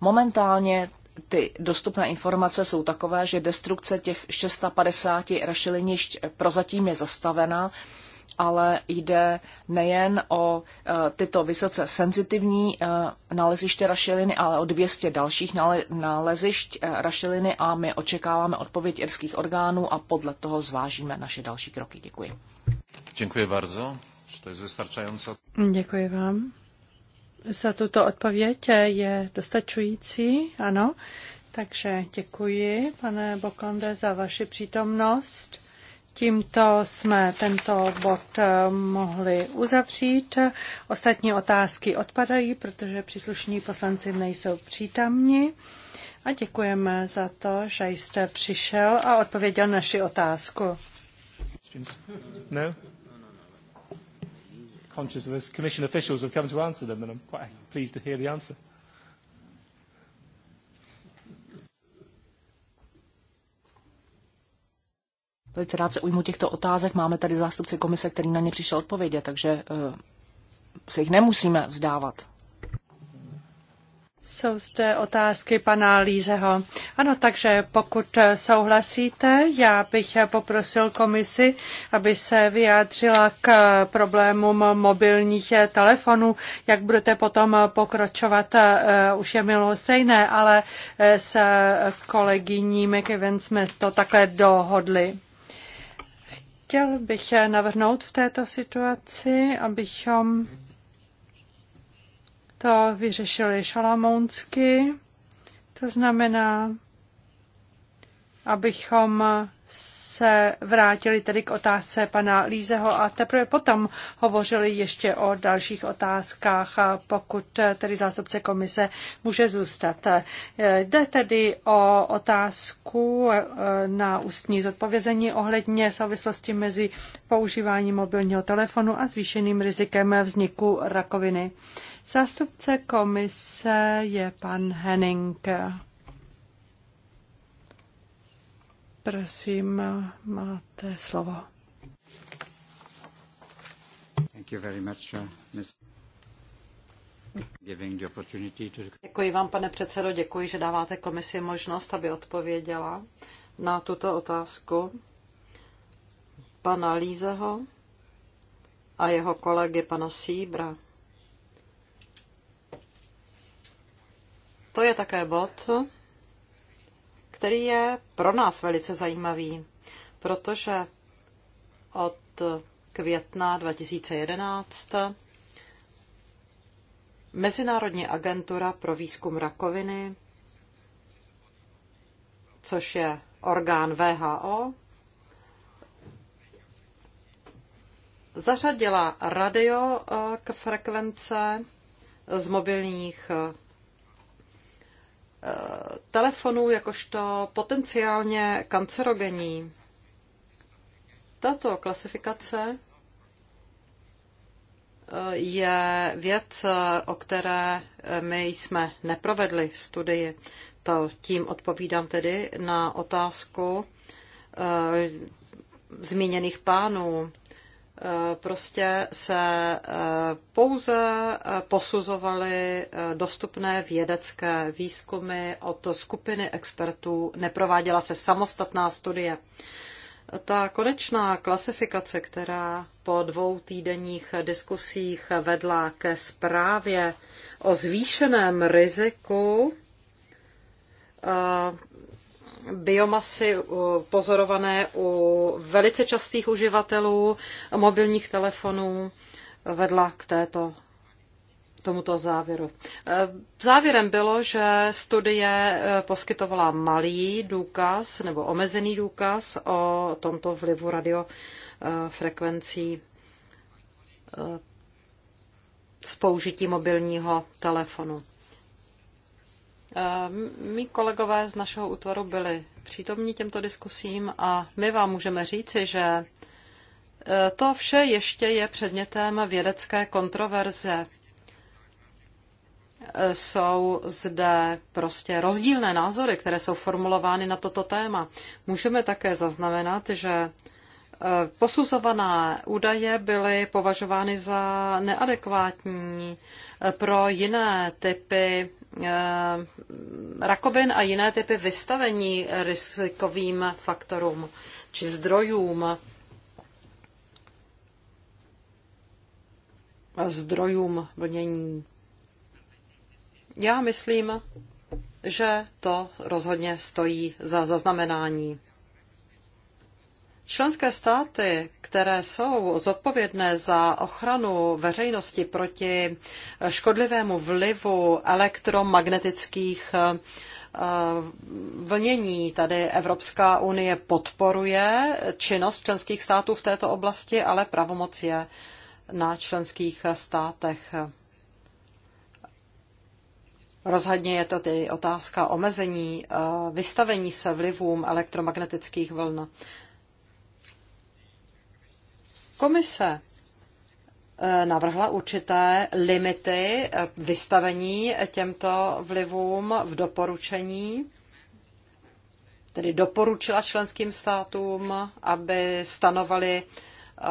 Momentálně ty dostupné informace jsou takové, že destrukce těch 650 rašelinišť prozatím je zastavena, ale jde nejen o e, tyto vysoce senzitivní e, naleziště rašeliny, ale o 200 dalších nalezišť e, rašeliny a my očekáváme odpověď irských orgánů a podle toho zvážíme naše další kroky. Děkuji. Děkuji bardzo. To je wystarczająco. Děkuji vám. Za tuto odpověď je dostačující, ano. Takže děkuji, pane Bokonde, za vaši přítomnost. Tímto jsme tento bod eh, mohli uzavřít. Ostatní otázky odpadají, protože příslušní poslanci nejsou přítomni. A děkujeme za to, že jste přišel a odpověděl naši otázku. Ne? No? conscious of this, Commission officials have come to answer them, and I'm quite pleased to hear the answer. Velice rád se ujmu těchto otázek. Máme tady zástupce komise, který na ně přišel odpovědět, takže uh, se jich nemusíme vzdávat. Jsou zde otázky pana Lízeho. Ano, takže pokud souhlasíte, já bych poprosil komisi, aby se vyjádřila k problémům mobilních telefonů. Jak budete potom pokročovat, eh, už je stejné, ale eh, s kolegyní McEwen jsme to takhle dohodli chtěl bych navrhnout v této situaci, abychom to vyřešili šalamounsky. To znamená, abychom se vrátili tedy k otázce pana Lízeho a teprve potom hovořili ještě o dalších otázkách, pokud tedy zástupce komise může zůstat. Jde tedy o otázku e, e, na ústní zodpovězení ohledně souvislosti mezi používáním mobilního telefonu a zvýšeným rizikem vzniku rakoviny. Zástupce komise je pan Henning. Prosím, máte slovo. Uh, děkuji vám, pane předsedo, děkuji, že dáváte komisi možnost, aby odpověděla na tuto otázku pana Lízeho a jeho kolegy pana Síbra. To je také bod, který je pro nás velice zajímavý, protože od května 2011 Mezinárodní agentura pro výzkum rakoviny, což je orgán VHO, zařadila radio eh, k frekvence z mobilních eh, telefonů jakožto potenciálně kancerogení. Tato klasifikace eh, je věc, o které eh, my jsme neprovedli studii. To tím odpovídám tedy na otázku eh, zmíněných pánů. Eh, prostě se eh, pouze eh, posuzovaly dostupné vědecké výzkumy od skupiny expertů, neprováděla se samostatná studie. Ta konečná klasifikace, která po dvou týdenních diskusích vedla ke zprávě o zvýšeném riziku biomasy pozorované u velice častých uživatelů mobilních telefonů vedla k této tomuto závěru. E, závěrem bylo, že studie e, poskytovala malý důkaz nebo omezený důkaz o tomto vlivu radiofrekvencí e, z použití mobilního telefonu. Eh, mí kolegové z našeho útvaru byli přítomní těmto diskusím a my vám můžeme říci, že eh, to vše ještě je předmětem vědecké kontroverze. Eh, jsou zde prostě rozdílné názory, které jsou formulovány na toto téma. Můžeme také zaznamenat, že posuzované údaje byly považovány za neadekvátní pro jiné typy Eh, rakovin a jiné typy vystavení rizikovým faktorům či zdrojům. zdrojům vlnění. Já myslím, že to rozhodně stojí za zaznamenání. Členské státy, které jsou zodpovědné za ochranu veřejnosti proti škodlivému vlivu elektromagnetických eh, vlnění. Tady Evropská unie podporuje činnost členských států v této oblasti, ale pravomoc je na členských státech. Rozhodně je to tedy otázka omezení eh, vystavení se vlivům elektromagnetických vln. Komise eh, navrhla určité limity eh, vystavení těmto vlivům v doporučení, tedy doporučila členským státům, aby stanovali eh,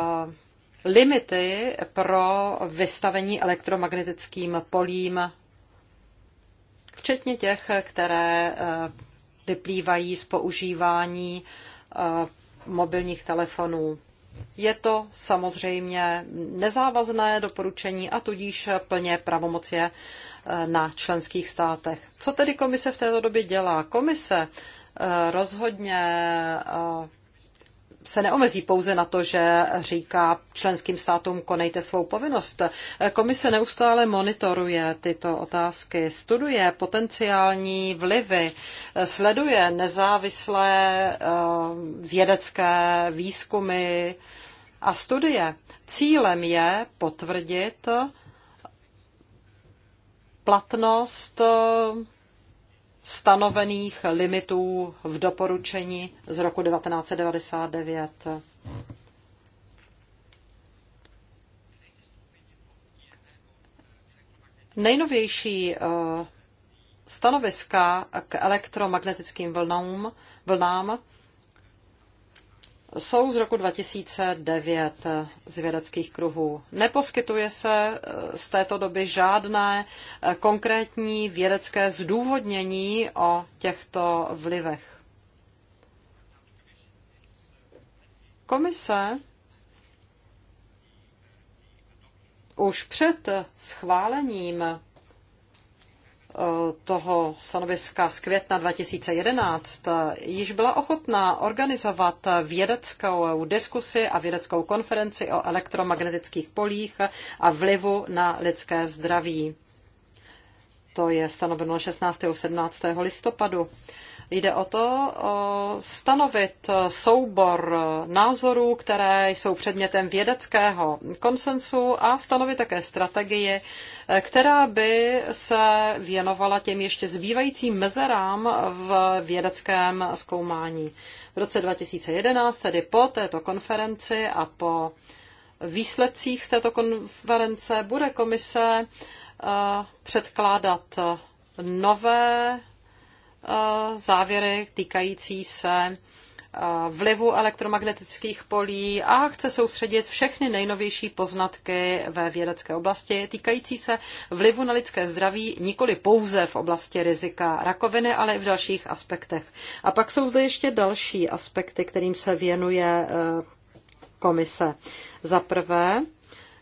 limity pro vystavení elektromagnetickým polím, včetně těch, které vyplývají z používání mobilních telefonů. Je to samozřejmě nezávazné doporučení a tudíž plně pravomoc je e, na členských státech. Co tedy komise v této době dělá? Komise e, rozhodně e, se neomezí pouze na to, že říká členským státům konejte svou povinnost. Komise neustále monitoruje tyto otázky, studuje potenciální vlivy, sleduje nezávislé eh, vědecké výzkumy a studie. Cílem je potvrdit platnost eh, stanovených limitů v doporučení z roku 1999. Nejnovější eh, stanoviska k elektromagnetickým vlnám, vlnám jsou z roku 2009 eh, z vědeckých kruhů. Neposkytuje se eh, z této doby žádné eh, konkrétní vědecké zdůvodnění o těchto vlivech. Komise už před schválením Eh, toho stanoviska z května 2011 eh, již byla ochotná organizovat vědeckou diskusi a vědeckou konferenci o elektromagnetických polích a vlivu na lidské zdraví. To je stanoveno 16. a 17. listopadu. Jde o to stanovit soubor názorů, které jsou předmětem vědeckého konsensu a stanovit také strategii, která by se věnovala těm ještě zbývajícím mezerám v vědeckém zkoumání. V roce 2011, tedy po této konferenci a po výsledcích z této konference, bude komise eh, předkládat nové Eh, závěry týkající se eh, vlivu elektromagnetických polí a chce soustředit všechny nejnovější poznatky ve vědecké oblasti týkající se vlivu na lidské zdraví nikoli pouze v oblasti rizika rakoviny, ale i v dalších aspektech. A pak jsou zde ještě další aspekty, kterým se věnuje eh, komise. Za prvé,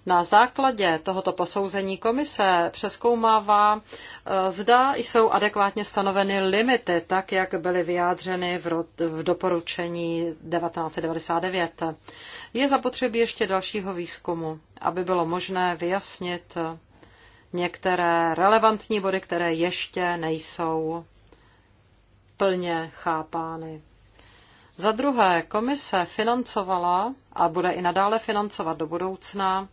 na základě tohoto posouzení komise přeskoumává, eh, zda jsou adekvátně stanoveny limity, tak jak byly vyjádřeny v doporučení 1999. Je zapotřebí ještě dalšího výzkumu, aby bylo možné vyjasnit eh, některé relevantní body, které ještě nejsou plně chápány. Za druhé, komise financovala a bude i nadále financovat do budoucna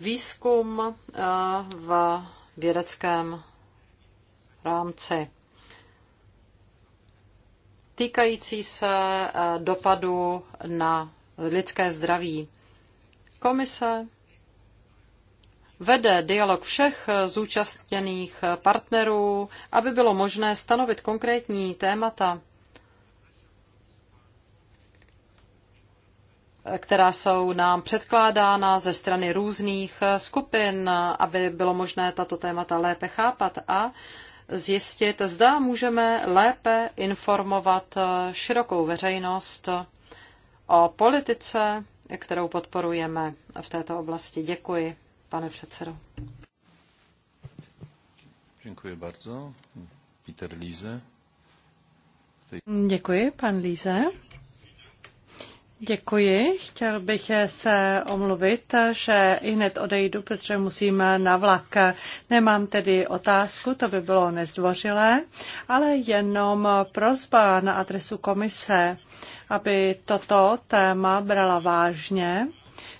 výzkum eh, v vědeckém rámci týkající se eh, dopadu na lidské zdraví. Komise vede dialog všech eh, zúčastněných partnerů, aby bylo možné stanovit konkrétní témata která jsou nám předkládána ze strany různých skupin, aby bylo možné tato témata lépe chápat a zjistit, zda můžeme lépe informovat širokou veřejnost o politice, kterou podporujeme v této oblasti. Děkuji, pane předsedo. Děkuji bardzo. Peter Líze. Děkuji, pan Líze. Děkuji. Chtěl bych se omluvit, že i hned odejdu, protože musím na vlak. Nemám tedy otázku, to by bylo nezdvořilé, ale jenom prozba na adresu komise, aby toto téma brala vážně.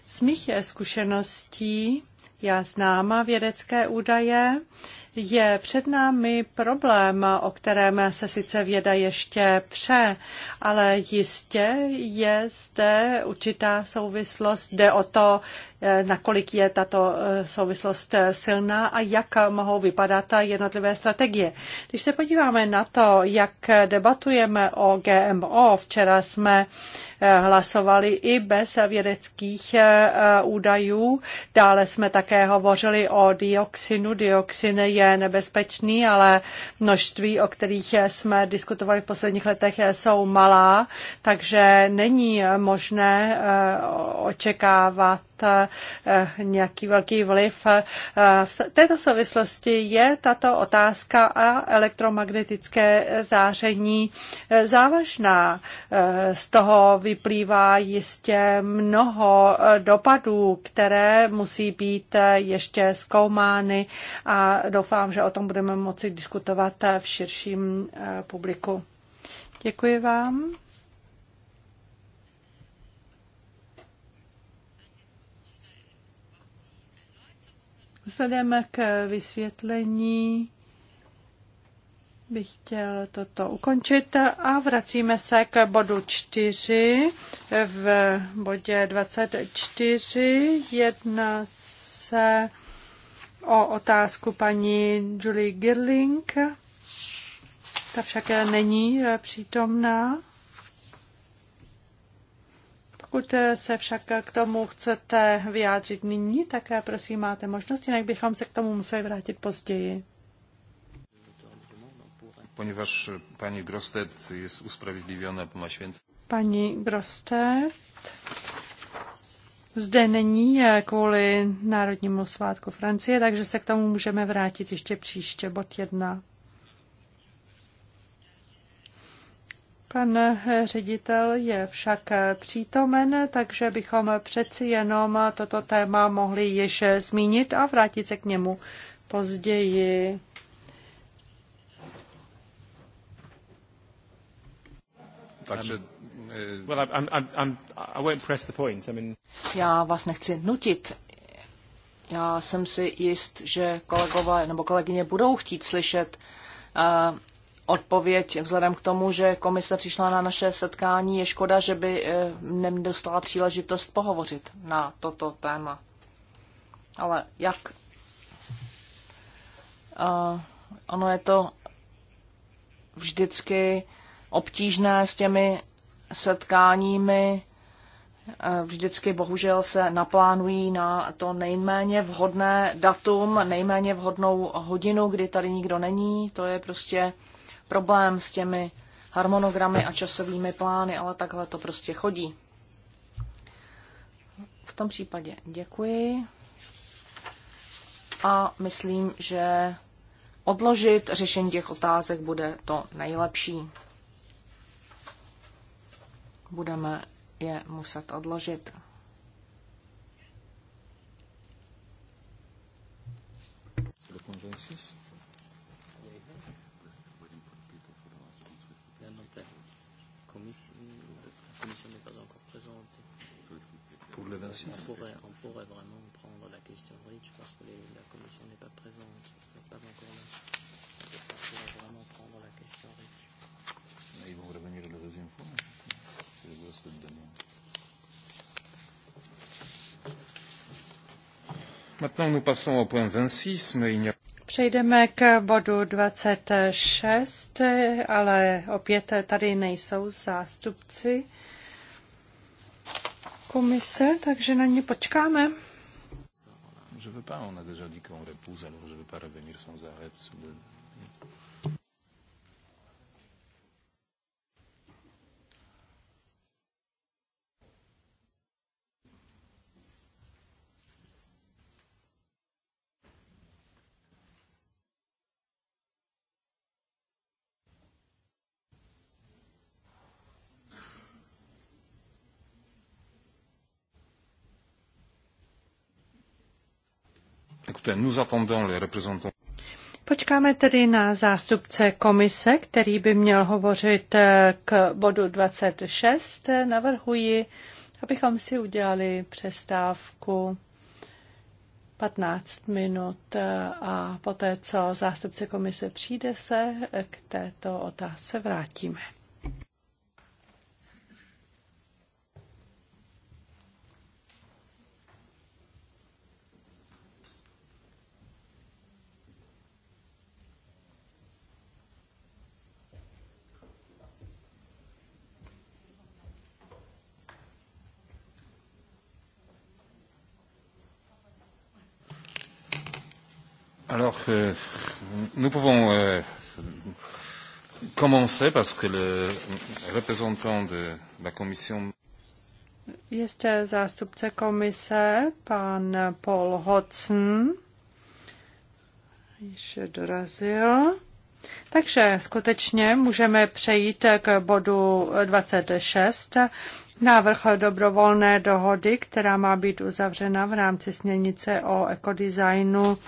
Z mých zkušeností já znám vědecké údaje, je před námi problém, o kterém se sice věda ještě pře, ale jistě je zde určitá souvislost. Jde o to, Eh, nakolik je tato eh, souvislost eh, silná a jak mohou vypadat jednotlivé strategie. Když se podíváme na to, jak debatujeme o GMO, včera jsme hlasovali i bez vědeckých údajů. Dále jsme také hovořili o dioxinu. Dioxin je nebezpečný, ale množství, o kterých jsme diskutovali v posledních letech, jsou malá, takže není možné očekávat Eh, nějaký velký vliv. Eh, v této souvislosti je tato otázka a elektromagnetické záření eh, závažná. Z toho vyplývá jistě mnoho dopadů, které musí být ještě zkoumány a doufám, že o tom budeme moci diskutovat v širším publiku. Děkuji vám. Vzhledem k vysvětlení bych chtěl toto ukončit a vracíme se k bodu 4. V bodě 24 jedná se o otázku paní Julie Girling. Ta však není přítomná. Pokud se však k tomu chcete vyjádřit nyní, tak prosím máte možnost, jinak bychom se k tomu museli vrátit později. Ponieważ pani Grostet je usprawiedliwiona, po ma Pani Grostet zde není kvůli Národnímu svátku Francie, takže se k tomu můžeme vrátit ještě příště, bod jedna. Pan ředitel je však přítomen, takže bychom přeci jenom toto téma mohli již zmínit a vrátit se k němu později. Takže um, eh, Well, I'm, I'm, I'm, I won't press the point. I mean... Já vás nechci nutit. Já jsem si jist, že kolegové nebo kolegyně budou chtít slyšet uh, odpověď vzhledem k tomu, že komise přišla na naše setkání. Je škoda, že by eh, nedostala příležitost pohovořit na toto téma. Ale jak? Uh, ono je to vždycky obtížné s těmi setkáními. Eh, vždycky bohužel se naplánují na to nejméně vhodné datum, nejméně vhodnou hodinu, kdy tady nikdo není. To je prostě problém s těmi harmonogramy a časovými plány, ale takhle to prostě chodí. V tom případě děkuji a myslím, že odložit řešení těch otázek bude to nejlepší. Budeme je muset odložit. Dokončil le 26. On pourrait, on pourrait vraiment prendre la question Rich parce que les, la commission n'est pas présente, n'est pas encore là. On pourrait vraiment prendre la question Rich. Mais ils vont revenir la deuxième fois. Je vois cette demande. Maintenant, nous passons au point 26, mais il n'y a Přejdeme k bodu 26, ale opět tady nejsou zástupci komise, takže na ně počkáme. Je veux pas, on a déjà dit qu'on repousse, alors je veux pas Écoutez, nous attendons les représentants. Počkáme tedy na zástupce komise, který by měl hovořit eh, k bodu 26. Navrhuji, abychom si udělali přestávku 15 minut eh, a poté, co zástupce komise přijde se, eh, k této otázce vrátíme. Euh, nous pouvons euh, commencer parce que le représentant de la commission je zástupce komise, pan Paul Hodson, již dorazil. Takže skutečně můžeme přejít k bodu 26 Návrh dobrovolné dohody, která má být uzavřena v rámci směrnice o ekodesignu,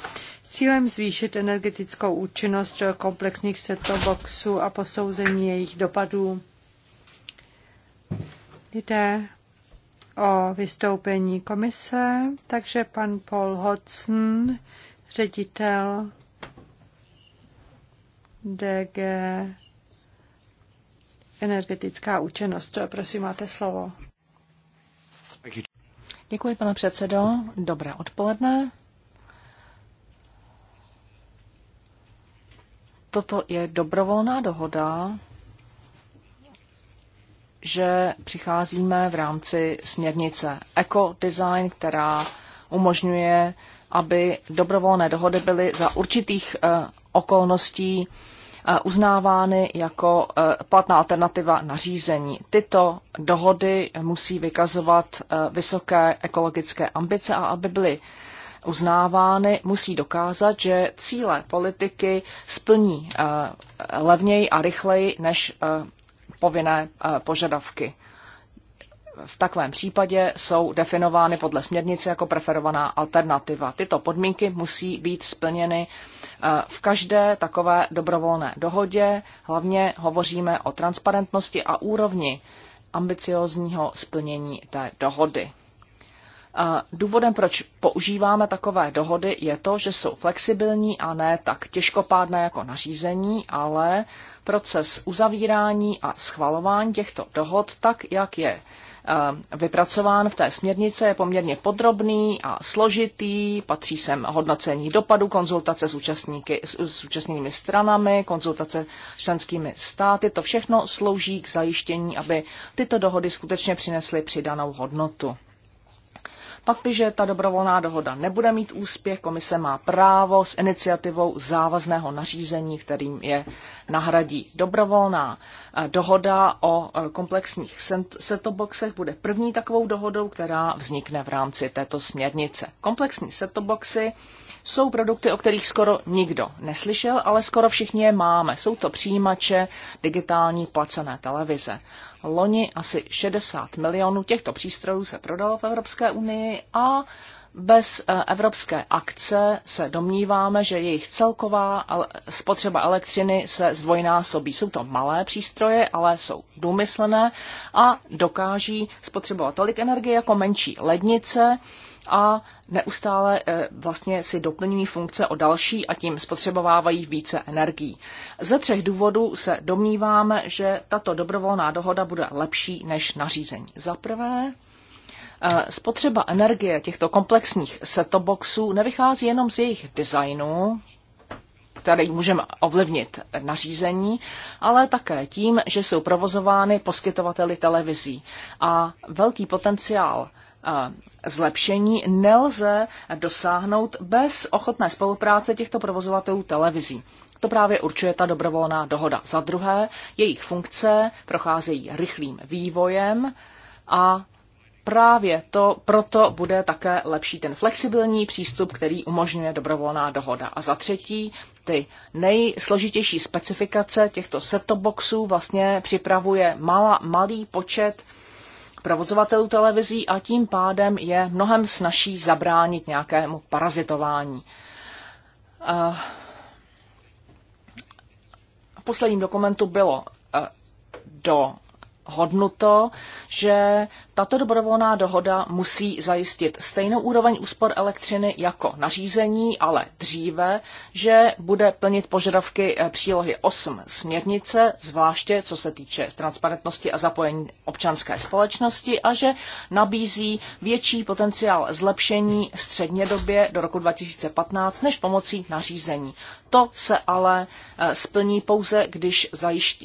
s cílem zvýšit energetickou účinnost komplexních setoboxů boxů a posouzení jejich dopadů. Jde o vystoupení komise, takže pan Paul Hodson, ředitel DG energetická účinnost. Prosím, máte slovo. Děkuji, pane předsedo. Dobré odpoledne. Toto je dobrovolná dohoda, že přicházíme v rámci směrnice Eco-Design, která umožňuje, aby dobrovolné dohody byly za určitých eh, okolností Eh, uznávány jako eh, platná alternativa nařízení. Tyto dohody musí vykazovat eh, vysoké ekologické ambice a aby byly uznávány, musí dokázat, že cíle politiky splní levněji a rychleji než povinné požadavky v takovém případě jsou definovány podle směrnice jako preferovaná alternativa. Tyto podmínky musí být splněny eh, v každé takové dobrovolné dohodě. Hlavně hovoříme o transparentnosti a úrovni ambiciozního splnění té dohody. Eh, důvodem, proč používáme takové dohody, je to, že jsou flexibilní a ne tak těžkopádné jako nařízení, ale proces uzavírání a schvalování těchto dohod, tak jak je Eh, vypracován v té směrnice, je poměrně podrobný a složitý, patří sem hodnocení dopadu, konzultace s, účastníky, s účastněnými stranami, konzultace s členskými státy. To všechno slouží k zajištění, aby tyto dohody skutečně přinesly přidanou hodnotu. Pakliže ta dobrovolná dohoda nebude mít úspěch, komise má právo s iniciativou závazného nařízení, kterým je nahradí. Dobrovolná eh, dohoda o eh, komplexních setoboxech bude první takovou dohodou, která vznikne v rámci této směrnice. Komplexní setoboxy boxy jsou produkty, o kterých skoro nikdo neslyšel, ale skoro všichni je máme. Jsou to přijímače digitální placené televize. Loni asi 60 milionů těchto přístrojů se prodalo v Evropské unii a bez eh, evropské akce se domníváme, že jejich celková spotřeba elektřiny se zdvojnásobí. Jsou to malé přístroje, ale jsou důmyslné a dokáží spotřebovat tolik energie jako menší lednice a neustále eh, vlastně si doplňují funkce o další a tím spotřebovávají více energií. Ze třech důvodů se domníváme, že tato dobrovolná dohoda bude lepší než nařízení. Za prvé, eh, spotřeba energie těchto komplexních setoboxů nevychází jenom z jejich designu, který můžeme ovlivnit nařízení, ale také tím, že jsou provozovány poskytovateli televizí. A velký potenciál eh, zlepšení nelze dosáhnout bez ochotné spolupráce těchto provozovatelů televizí. To právě určuje ta dobrovolná dohoda. Za druhé, jejich funkce procházejí rychlým vývojem a právě to proto bude také lepší ten flexibilní přístup, který umožňuje dobrovolná dohoda. A za třetí, ty nejsložitější specifikace těchto set-top boxů vlastně připravuje mala, malý počet provozovatelů televizí a tím pádem je mnohem snažší zabránit nějakému parazitování. Eh, v posledním dokumentu bylo eh, do hodnoto, že tato dobrovolná dohoda musí zajistit stejnou úroveň úspor elektřiny jako nařízení, ale dříve, že bude plnit požadavky eh, přílohy 8 směrnice, zvláště co se týče transparentnosti a zapojení občanské společnosti a že nabízí větší potenciál zlepšení střednědobě do roku 2015 než pomocí nařízení. To se ale eh, splní pouze, když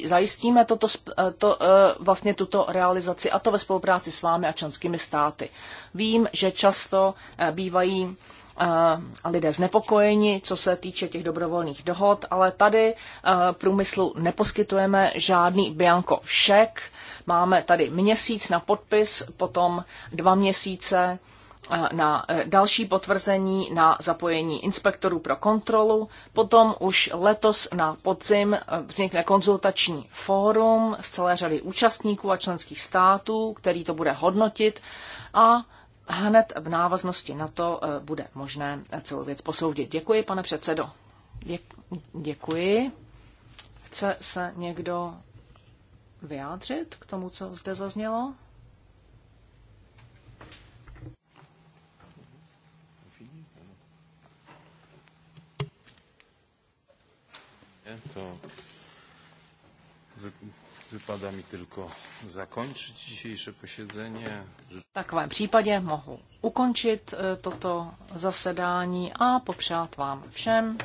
zajistíme toto, eh, to, eh, vlastně tuto realizaci a to ve spolupráci s vámi a členskými státy. Vím, že často bývají lidé znepokojeni, co se týče těch dobrovolných dohod, ale tady průmyslu neposkytujeme žádný bianko šek. Máme tady měsíc na podpis, potom dva měsíce na e, další potvrzení na zapojení inspektorů pro kontrolu. Potom už letos na podzim e, vznikne konzultační fórum z celé řady účastníků a členských států, který to bude hodnotit a hned v návaznosti na to e, bude možné celou věc posoudit. Děkuji, pane předsedo. Děkuji. Chce se někdo vyjádřit k tomu, co zde zaznělo? Nie? To Wypada mi tylko zakończyć dzisiejsze posiedzenie. V takovém případě mohu ukončit e, toto zasedání a popřát vám všem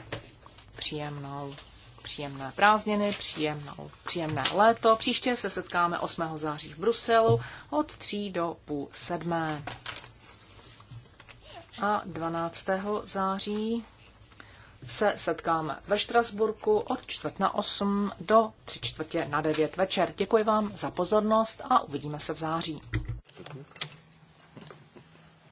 příjemnou, příjemné prázdniny, příjemnou, příjemné léto. Příště se setkáme 8. září v Bruselu od 3 do půl sedmé. A 12. září se setkáme ve Štrasburku od čtvrt na 8 do tři čtvrtě na 9 večer. Děkuji vám za pozornost a uvidíme se v září.